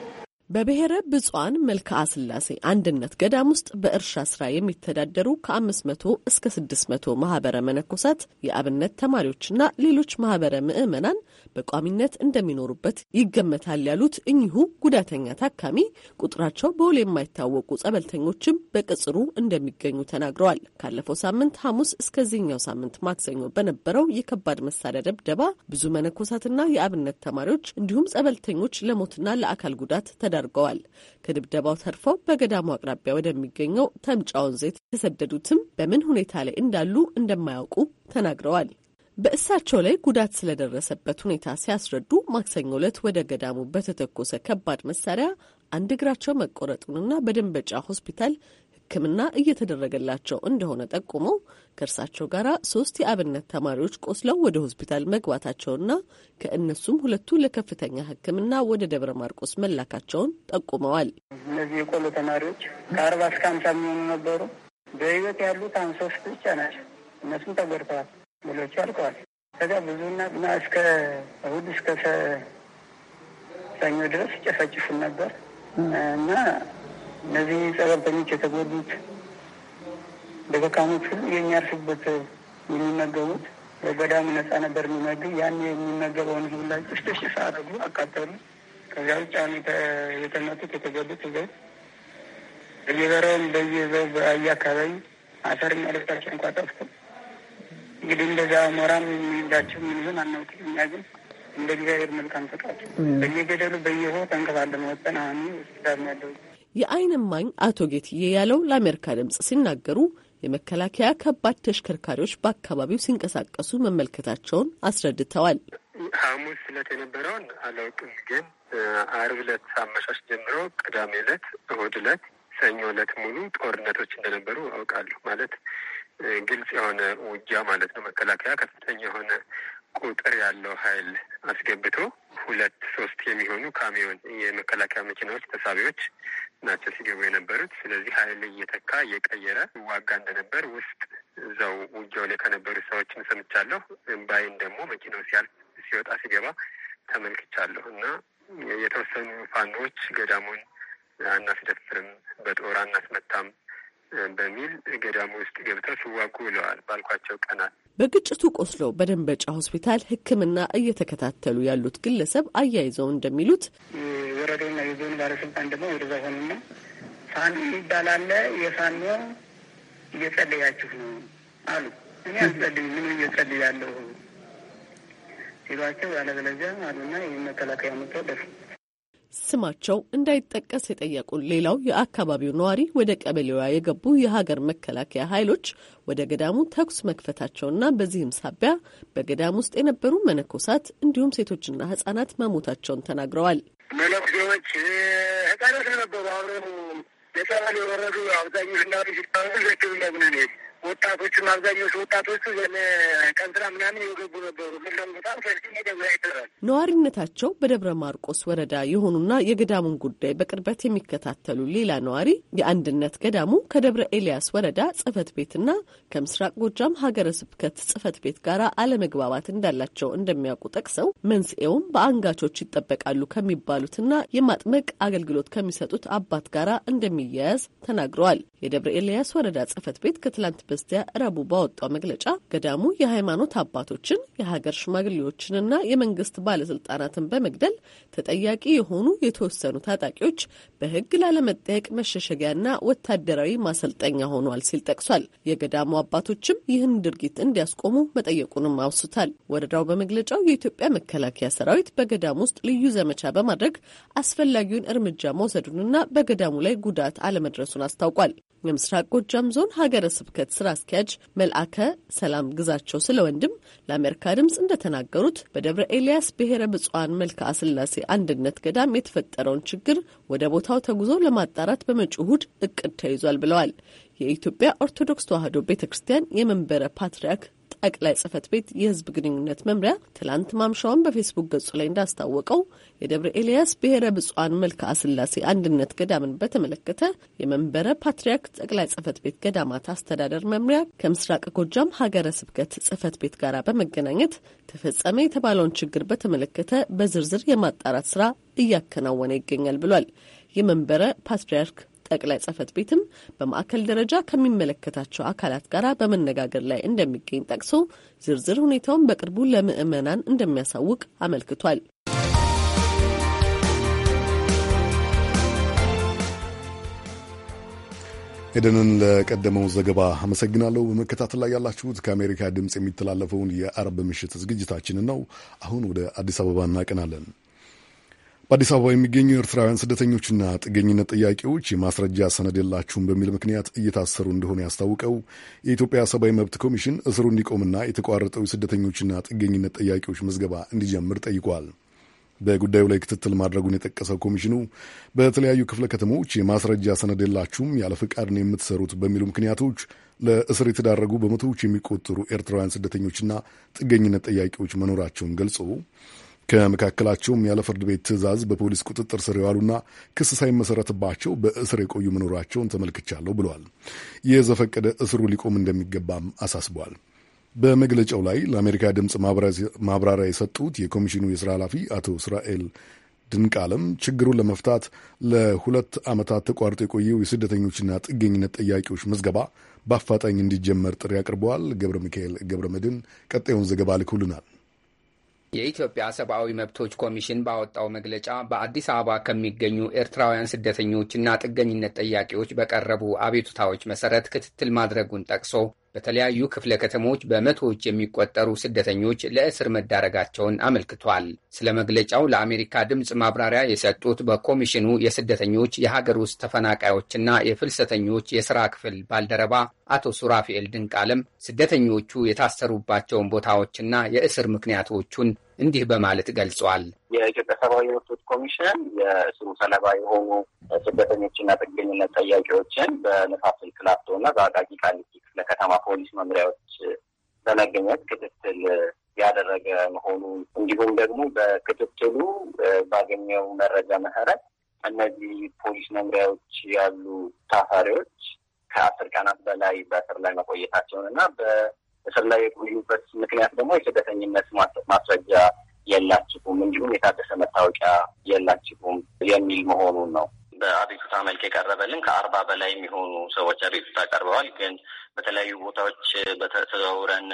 በብሔረ ብፁዓን መልክዓ ስላሴ አንድነት ገዳም ውስጥ በእርሻ ስራ የሚተዳደሩ ከ500 እስከ 600 ማህበረ መነኮሳት የአብነት ተማሪዎችና ሌሎች ማህበረ ምዕመናን በቋሚነት እንደሚኖሩበት ይገመታል ያሉት እኚሁ ጉዳተኛ ታካሚ ቁጥራቸው በውል የማይታወቁ ጸበልተኞችም በቅጽሩ እንደሚገኙ ተናግረዋል። ካለፈው ሳምንት ሐሙስ እስከዚህኛው ሳምንት ማክሰኞ በነበረው የከባድ መሳሪያ ደብደባ ብዙ መነኮሳትና የአብነት ተማሪዎች እንዲሁም ጸበልተኞች ለሞትና ለአካል ጉዳት ተዳ ተዳርገዋል። ከድብደባው ተርፈው በገዳሙ አቅራቢያ ወደሚገኘው ተምጫ ወንዝ የተሰደዱትም በምን ሁኔታ ላይ እንዳሉ እንደማያውቁ ተናግረዋል። በእሳቸው ላይ ጉዳት ስለደረሰበት ሁኔታ ሲያስረዱ ማክሰኞ ዕለት ወደ ገዳሙ በተተኮሰ ከባድ መሳሪያ አንድ እግራቸው መቆረጡንና በደንበጫ ሆስፒታል ሕክምና እየተደረገላቸው እንደሆነ ጠቁመው ከእርሳቸው ጋር ሶስት የአብነት ተማሪዎች ቆስለው ወደ ሆስፒታል መግባታቸውና ከእነሱም ሁለቱ ለከፍተኛ ሕክምና ወደ ደብረ ማርቆስ መላካቸውን ጠቁመዋል። እነዚህ የቆሎ ተማሪዎች ከአርባ እስከ አምሳ የሚሆኑ ነበሩ። በህይወት ያሉት አምሳ ሶስት ብቻ ናቸው። እነሱም ተጎድተዋል፣ ሌሎቹ አልቀዋል። ከዚያ ብዙና እስከ እሁድ እስከ ሰኞ ድረስ ጨፈጭፉን ነበር እና እነዚህ ጸበልተኞች የተጎዱት በተካሙት የሚያርፍበት የሚመገቡት በገዳሙ ነጻ ነበር የሚመግብ ያን የሚመገበውን ሁላ ጭፍጭፍ አደረጉ፣ አቃጠሉ። ከዚያ ውጭ አሁን የተመቱት የተገዱት ህገት በየበረውም በየዘው በየአካባቢ አፈር የሚያለብሳቸው እንኳ ጠፍቶ እንግዲህ እንደዛ ሞራም የሚሄዳቸው ምን ይሆን አናውቅም። እኛ ግን እንደ እግዚአብሔር መልካም ፈቃድ በየገደሉ በየሆ ተንከባለ መወጠን አሁን ስዳር ያለው የዓይን እማኝ አቶ ጌትዬ ያለው ለአሜሪካ ድምጽ ሲናገሩ የመከላከያ ከባድ ተሽከርካሪዎች በአካባቢው ሲንቀሳቀሱ መመልከታቸውን አስረድተዋል። ሐሙስ ዕለት የነበረውን አላውቅም፣ ግን አርብ ዕለት አመሻሽ ጀምሮ ቅዳሜ ዕለት፣ እሁድ ዕለት፣ ሰኞ ዕለት ሙሉ ጦርነቶች እንደነበሩ አውቃለሁ። ማለት ግልጽ የሆነ ውጊያ ማለት ነው። መከላከያ ከፍተኛ የሆነ ቁጥር ያለው ኃይል አስገብቶ ሁለት ሶስት የሚሆኑ ካሚዮን የመከላከያ መኪናዎች ተሳቢዎች ናቸው ሲገቡ የነበሩት። ስለዚህ ኃይል እየተካ እየቀየረ ዋጋ እንደነበር ውስጥ እዛው ውጊያው ላይ ከነበሩ ሰዎችን ሰምቻለሁ። ባይን ደግሞ መኪናው ሲያልፍ ሲወጣ ሲገባ ተመልክቻለሁ እና የተወሰኑ ፋኖዎች ገዳሙን አናስደፍርም፣ በጦር አናስመታም በሚል ገዳሙ ውስጥ ገብተው ሲዋጉ ውለዋል ባልኳቸው ቀናት በግጭቱ ቆስለው በደንበጫ ሆስፒታል ሕክምና እየተከታተሉ ያሉት ግለሰብ አያይዘው እንደሚሉት ወረዳና የዞን ባለስልጣን ደግሞ ወደዛ ሆኑና ፋኖ ይባላለ የፋኖ እየጸለያችሁ ነው አሉ። እኔ አልጸልይ ምን እየጸልያለሁ ሲሏቸው ያለበለዚያ አሉና ይህ መከላከያ መጥተው ስማቸው እንዳይጠቀስ የጠየቁን ሌላው የአካባቢው ነዋሪ ወደ ቀበሌዋ የገቡ የሀገር መከላከያ ኃይሎች ወደ ገዳሙ ተኩስ መክፈታቸውና በዚህም ሳቢያ በገዳም ውስጥ የነበሩ መነኮሳት እንዲሁም ሴቶችና ህጻናት መሞታቸውን ተናግረዋል። መነኮሴዎች ህጻናት ነበሩ አብረው የቀበሌ ወረዱ አብዛኞች ናቸው። ወጣቶችም አብዛኞቹ ወጣቶቹ ቀንስራ ምናምን የገቡ ነበሩ። ምለም በጣም ነዋሪነታቸው በደብረ ማርቆስ ወረዳ የሆኑና የገዳሙን ጉዳይ በቅርበት የሚከታተሉ ሌላ ነዋሪ የአንድነት ገዳሙ ከደብረ ኤልያስ ወረዳ ጽህፈት ቤትና ከምስራቅ ጎጃም ሀገረ ስብከት ጽህፈት ቤት ጋር አለመግባባት እንዳላቸው እንደሚያውቁ ጠቅሰው መንስኤውም በአንጋቾች ይጠበቃሉ ከሚባሉትና የማጥመቅ አገልግሎት ከሚሰጡት አባት ጋር እንደሚያያዝ ተናግረዋል። የደብረ ኤልያስ ወረዳ ጽህፈት ቤት ከትላንት በስቲያ ረቡ ባወጣው መግለጫ ገዳሙ የሃይማኖት አባቶችን የሀገር ሽማግሌዎችንና የመንግስት ባለስልጣናትን በመግደል ተጠያቂ የሆኑ የተወሰኑ ታጣቂዎች በህግ ላለመጠየቅ መሸሸጊያና ወታደራዊ ማሰልጠኛ ሆኗል ሲል ጠቅሷል። የገዳሙ አባቶችም ይህን ድርጊት እንዲያስቆሙ መጠየቁንም አውስቷል። ወረዳው በመግለጫው የኢትዮጵያ መከላከያ ሰራዊት በገዳሙ ውስጥ ልዩ ዘመቻ በማድረግ አስፈላጊውን እርምጃ መውሰዱንና በገዳሙ ላይ ጉዳት አለመድረሱን አስታውቋል። የምስራቅ ጎጃም ዞን ሀገረ ስብከት ስራ አስኪያጅ መልአከ ሰላም ግዛቸው ስለ ወንድም ለአሜሪካ ድምፅ እንደተናገሩት በደብረ ኤልያስ ብሔረ ብፁዓን መልክዓ ስላሴ አንድነት ገዳም የተፈጠረውን ችግር ወደ ቦታው ተጉዞ ለማጣራት በመጪው እሁድ እቅድ ተይዟል ብለዋል። የኢትዮጵያ ኦርቶዶክስ ተዋሕዶ ቤተ ክርስቲያን የመንበረ ፓትርያርክ ጠቅላይ ጽህፈት ቤት የህዝብ ግንኙነት መምሪያ ትላንት ማምሻውን በፌስቡክ ገጹ ላይ እንዳስታወቀው የደብረ ኤልያስ ብሔረ ብፁዓን መልክዓ ስላሴ አንድነት ገዳምን በተመለከተ የመንበረ ፓትርያርክ ጠቅላይ ጽህፈት ቤት ገዳማት አስተዳደር መምሪያ ከምስራቅ ጎጃም ሀገረ ስብከት ጽህፈት ቤት ጋር በመገናኘት ተፈጸመ የተባለውን ችግር በተመለከተ በዝርዝር የማጣራት ስራ እያከናወነ ይገኛል ብሏል። የመንበረ ፓትርያርክ ጠቅላይ ጽህፈት ቤትም በማዕከል ደረጃ ከሚመለከታቸው አካላት ጋር በመነጋገር ላይ እንደሚገኝ ጠቅሶ ዝርዝር ሁኔታውን በቅርቡ ለምዕመናን እንደሚያሳውቅ አመልክቷል። ኤደንን ለቀደመው ዘገባ አመሰግናለሁ። በመከታተል ላይ ያላችሁት ከአሜሪካ ድምፅ የሚተላለፈውን የአርብ ምሽት ዝግጅታችንን ነው። አሁን ወደ አዲስ አበባ እናቀናለን። በአዲስ አበባ የሚገኙ ኤርትራውያን ስደተኞችና ጥገኝነት ጥያቄዎች የማስረጃ ሰነድ የላችሁም በሚል ምክንያት እየታሰሩ እንደሆነ ያስታውቀው የኢትዮጵያ ሰብአዊ መብት ኮሚሽን እስሩ እንዲቆምና የተቋረጠው የስደተኞችና ጥገኝነት ጥያቄዎች ምዝገባ እንዲጀምር ጠይቋል። በጉዳዩ ላይ ክትትል ማድረጉን የጠቀሰው ኮሚሽኑ በተለያዩ ክፍለ ከተሞች የማስረጃ ሰነድ የላችሁም ያለ ፍቃድ ነው የምትሰሩት በሚሉ ምክንያቶች ለእስር የተዳረጉ በመቶዎች የሚቆጠሩ ኤርትራውያን ስደተኞችና ጥገኝነት ጥያቄዎች መኖራቸውን ገልጾ ከመካከላቸውም ያለ ፍርድ ቤት ትዕዛዝ በፖሊስ ቁጥጥር ስር የዋሉና ክስ ሳይመሰረትባቸው በእስር የቆዩ መኖራቸውን ተመልክቻለሁ ብለዋል። የዘፈቀደ እስሩ ሊቆም እንደሚገባም አሳስበዋል። በመግለጫው ላይ ለአሜሪካ ድምፅ ማብራሪያ የሰጡት የኮሚሽኑ የስራ ኃላፊ አቶ እስራኤል ድንቃለም ችግሩን ለመፍታት ለሁለት ዓመታት ተቋርጦ የቆየው የስደተኞችና ጥገኝነት ጠያቂዎች መዝገባ በአፋጣኝ እንዲጀመር ጥሪ አቅርበዋል። ገብረ ሚካኤል ገብረ መድን ቀጣዩን ዘገባ ልኮልናል። የኢትዮጵያ ሰብአዊ መብቶች ኮሚሽን ባወጣው መግለጫ በአዲስ አበባ ከሚገኙ ኤርትራውያን ስደተኞችና ጥገኝነት ጠያቂዎች በቀረቡ አቤቱታዎች መሰረት ክትትል ማድረጉን ጠቅሶ በተለያዩ ክፍለ ከተሞች በመቶዎች የሚቆጠሩ ስደተኞች ለእስር መዳረጋቸውን አመልክቷል። ስለ መግለጫው ለአሜሪካ ድምፅ ማብራሪያ የሰጡት በኮሚሽኑ የስደተኞች የሀገር ውስጥ ተፈናቃዮችና የፍልሰተኞች የሥራ ክፍል ባልደረባ አቶ ሱራፊኤል ድንቃለም ስደተኞቹ የታሰሩባቸውን ቦታዎችና የእስር ምክንያቶቹን እንዲህ በማለት ገልጿል። የኢትዮጵያ ሰብአዊ መብቶች ኮሚሽን የእስሩ ሰለባ የሆኑ ስደተኞችና ጥገኝነት ጠያቂዎችን በነፋስ ስልክ ላፍቶ በአቃቂ ቃሊቲ ለከተማ ፖሊስ መምሪያዎች በመገኘት ክትትል ያደረገ መሆኑ እንዲሁም ደግሞ በክትትሉ ባገኘው መረጃ መሰረት እነዚህ ፖሊስ መምሪያዎች ያሉ ታሳሪዎች ከአስር ቀናት በላይ በእስር ላይ መቆየታቸውን እና በእስር ላይ የቆዩበት ምክንያት ደግሞ የስደተኝነት ማስረጃ የላችሁም እንዲሁም የታደሰ መታወቂያ የላችሁም የሚል መሆኑን ነው። በአቤቱታ መልክ የቀረበልን ከአርባ በላይ የሚሆኑ ሰዎች አቤቱታ ቀርበዋል። ግን በተለያዩ ቦታዎች በተዘዋውረን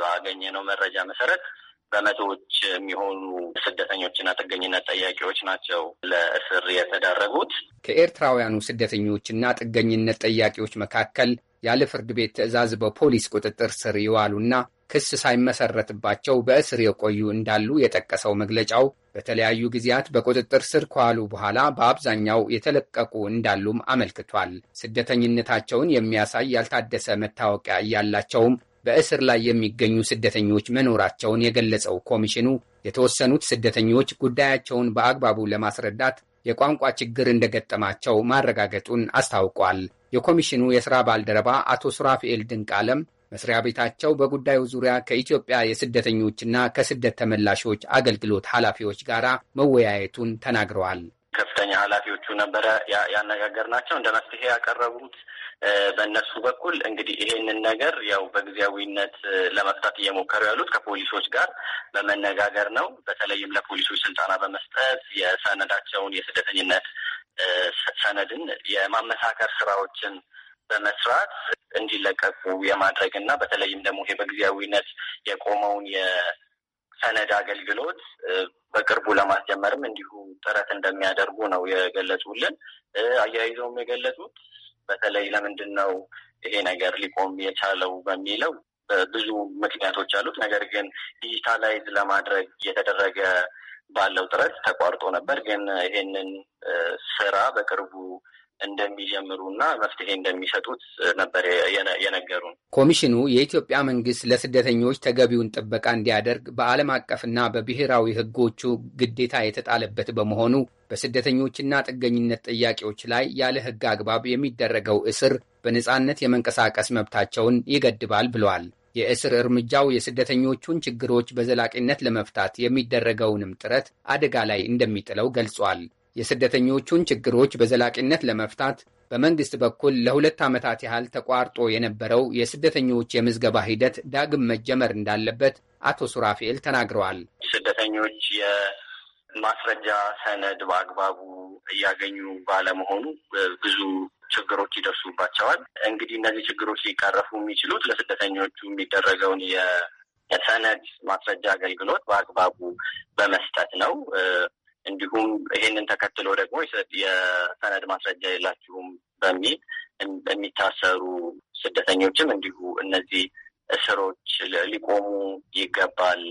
ባገኘነው መረጃ መሰረት በመቶዎች የሚሆኑ ስደተኞችና ጥገኝነት ጠያቂዎች ናቸው ለእስር የተዳረጉት። ከኤርትራውያኑ ስደተኞችና ጥገኝነት ጠያቂዎች መካከል ያለ ፍርድ ቤት ትዕዛዝ በፖሊስ ቁጥጥር ስር ይዋሉና ክስ ሳይመሰረትባቸው በእስር የቆዩ እንዳሉ የጠቀሰው መግለጫው በተለያዩ ጊዜያት በቁጥጥር ስር ከዋሉ በኋላ በአብዛኛው የተለቀቁ እንዳሉም አመልክቷል። ስደተኝነታቸውን የሚያሳይ ያልታደሰ መታወቂያ እያላቸውም በእስር ላይ የሚገኙ ስደተኞች መኖራቸውን የገለጸው ኮሚሽኑ የተወሰኑት ስደተኞች ጉዳያቸውን በአግባቡ ለማስረዳት የቋንቋ ችግር እንደገጠማቸው ማረጋገጡን አስታውቋል። የኮሚሽኑ የሥራ ባልደረባ አቶ ድንቅ ድንቃለም መስሪያ ቤታቸው በጉዳዩ ዙሪያ ከኢትዮጵያ የስደተኞችና ከስደት ተመላሾች አገልግሎት ኃላፊዎች ጋር መወያየቱን ተናግረዋል። ከፍተኛ ኃላፊዎቹ ነበረ ያነጋገርናቸው። እንደ መፍትሄ ያቀረቡት በእነሱ በኩል እንግዲህ ይሄንን ነገር ያው በጊዜያዊነት ለመፍታት እየሞከሩ ያሉት ከፖሊሶች ጋር በመነጋገር ነው። በተለይም ለፖሊሶች ስልጠና በመስጠት የሰነዳቸውን የስደተኝነት ሰነድን የማመሳከር ስራዎችን በመስራት እንዲለቀቁ የማድረግ እና በተለይም ደግሞ ይሄ በጊዜያዊነት የቆመውን የሰነድ አገልግሎት በቅርቡ ለማስጀመርም እንዲሁ ጥረት እንደሚያደርጉ ነው የገለጹልን። አያይዘውም የገለጹት በተለይ ለምንድን ነው ይሄ ነገር ሊቆም የቻለው በሚለው ብዙ ምክንያቶች አሉት። ነገር ግን ዲጂታላይዝ ለማድረግ የተደረገ ባለው ጥረት ተቋርጦ ነበር። ግን ይሄንን ስራ በቅርቡ እንደሚጀምሩ እና መፍትሄ እንደሚሰጡት ነበር የነገሩን። ኮሚሽኑ የኢትዮጵያ መንግስት ለስደተኞች ተገቢውን ጥበቃ እንዲያደርግ በዓለም አቀፍና በብሔራዊ ሕጎቹ ግዴታ የተጣለበት በመሆኑ በስደተኞችና ጥገኝነት ጥያቄዎች ላይ ያለ ሕግ አግባብ የሚደረገው እስር በነፃነት የመንቀሳቀስ መብታቸውን ይገድባል ብለዋል። የእስር እርምጃው የስደተኞቹን ችግሮች በዘላቂነት ለመፍታት የሚደረገውንም ጥረት አደጋ ላይ እንደሚጥለው ገልጿል። የስደተኞቹን ችግሮች በዘላቂነት ለመፍታት በመንግሥት በኩል ለሁለት ዓመታት ያህል ተቋርጦ የነበረው የስደተኞች የምዝገባ ሂደት ዳግም መጀመር እንዳለበት አቶ ሱራፌል ተናግረዋል። ስደተኞች የማስረጃ ሰነድ በአግባቡ እያገኙ ባለመሆኑ ብዙ ችግሮች ይደርሱባቸዋል። እንግዲህ እነዚህ ችግሮች ሊቀረፉ የሚችሉት ለስደተኞቹ የሚደረገውን የሰነድ ማስረጃ አገልግሎት በአግባቡ በመስጠት ነው። እንዲሁም ይህንን ተከትሎ ደግሞ የሰነድ ማስረጃ የላችሁም በሚል በሚታሰሩ ስደተኞችም እንዲሁ እነዚህ እስሮች ሊቆሙ ይገባል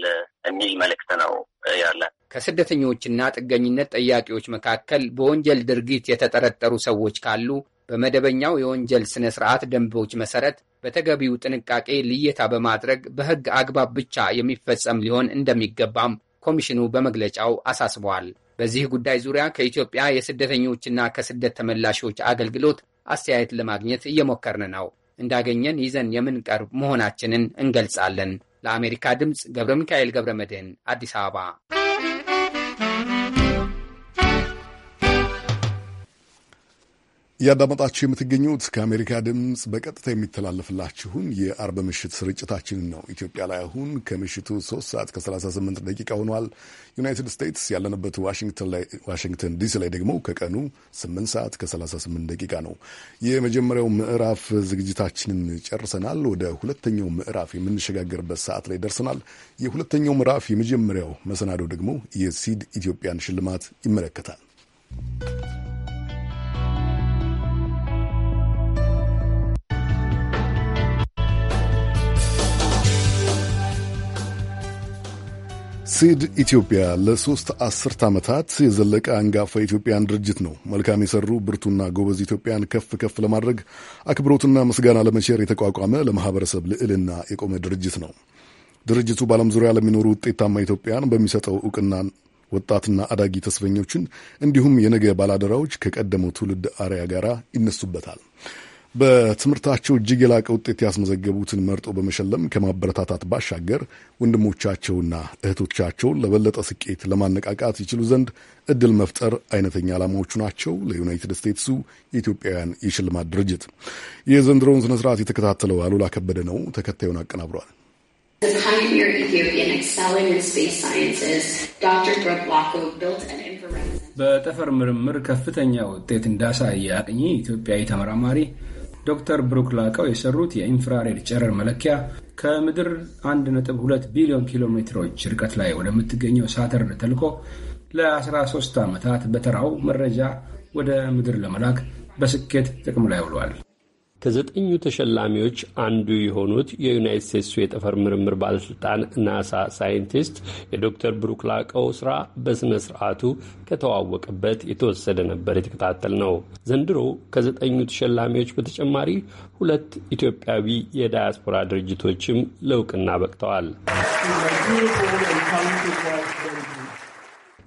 የሚል መልእክት ነው ያለን። ከስደተኞችና ጥገኝነት ጠያቂዎች መካከል በወንጀል ድርጊት የተጠረጠሩ ሰዎች ካሉ በመደበኛው የወንጀል ስነ ስርዓት ደንቦች መሰረት በተገቢው ጥንቃቄ ልየታ በማድረግ በሕግ አግባብ ብቻ የሚፈጸም ሊሆን እንደሚገባም ኮሚሽኑ በመግለጫው አሳስበዋል። በዚህ ጉዳይ ዙሪያ ከኢትዮጵያ የስደተኞችና ከስደት ተመላሾች አገልግሎት አስተያየት ለማግኘት እየሞከርን ነው። እንዳገኘን ይዘን የምንቀርብ መሆናችንን እንገልጻለን። ለአሜሪካ ድምፅ ገብረ ሚካኤል ገብረ መድህን አዲስ አበባ እያዳመጣችሁ የምትገኙት ከአሜሪካ ድምፅ በቀጥታ የሚተላለፍላችሁን የአርብ ምሽት ስርጭታችንን ነው። ኢትዮጵያ ላይ አሁን ከምሽቱ 3 ሰዓት ከ38 ደቂቃ ሆኗል። ዩናይትድ ስቴትስ ያለንበት ዋሽንግተን ዲሲ ላይ ደግሞ ከቀኑ 8 ሰዓት ከ38 ደቂቃ ነው። የመጀመሪያው ምዕራፍ ዝግጅታችንን ጨርሰናል። ወደ ሁለተኛው ምዕራፍ የምንሸጋገርበት ሰዓት ላይ ደርሰናል። የሁለተኛው ምዕራፍ የመጀመሪያው መሰናዶ ደግሞ የሲድ ኢትዮጵያን ሽልማት ይመለከታል። ሲድ ኢትዮጵያ ለሶስት አስርት ዓመታት የዘለቀ አንጋፋ የኢትዮጵያን ድርጅት ነው። መልካም የሰሩ ብርቱና ጎበዝ ኢትዮጵያን ከፍ ከፍ ለማድረግ አክብሮትና ምስጋና ለመቸር የተቋቋመ ለማህበረሰብ ልዕልና የቆመ ድርጅት ነው። ድርጅቱ በዓለም ዙሪያ ለሚኖሩ ውጤታማ ኢትዮጵያን በሚሰጠው እውቅና ወጣትና አዳጊ ተስፈኞችን እንዲሁም የነገ ባላደራዎች ከቀደመው ትውልድ አርያ ጋር ይነሱበታል። በትምህርታቸው እጅግ የላቀ ውጤት ያስመዘገቡትን መርጦ በመሸለም ከማበረታታት ባሻገር ወንድሞቻቸውና እህቶቻቸውን ለበለጠ ስኬት ለማነቃቃት ይችሉ ዘንድ እድል መፍጠር አይነተኛ ዓላማዎቹ ናቸው። ለዩናይትድ ስቴትሱ የኢትዮጵያውያን የሽልማት ድርጅት የዘንድሮውን ስነ ስርዓት የተከታተለው አሉላ ከበደ ነው። ተከታዩን አቀናብሯል። በጠፈር ምርምር ከፍተኛ ውጤት እንዳሳየ አቅኚ ኢትዮጵያዊ ተመራማሪ ዶክተር ብሩክ ላቀው የሰሩት የኢንፍራሬድ ጨረር መለኪያ ከምድር 1.2 ቢሊዮን ኪሎ ሜትሮች ርቀት ላይ ወደምትገኘው ሳተርን ተልኮ ለ13 ዓመታት በተራው መረጃ ወደ ምድር ለመላክ በስኬት ጥቅም ላይ ውሏል። ከዘጠኙ ተሸላሚዎች አንዱ የሆኑት የዩናይት ስቴትሱ የጠፈር ምርምር ባለስልጣን ናሳ ሳይንቲስት የዶክተር ብሩክ ላቀው ስራ በሥነ ስርዓቱ ከተዋወቀበት የተወሰደ ነበር የተከታተል ነው። ዘንድሮ ከዘጠኙ ተሸላሚዎች በተጨማሪ ሁለት ኢትዮጵያዊ የዳያስፖራ ድርጅቶችም ለእውቅና በቅተዋል።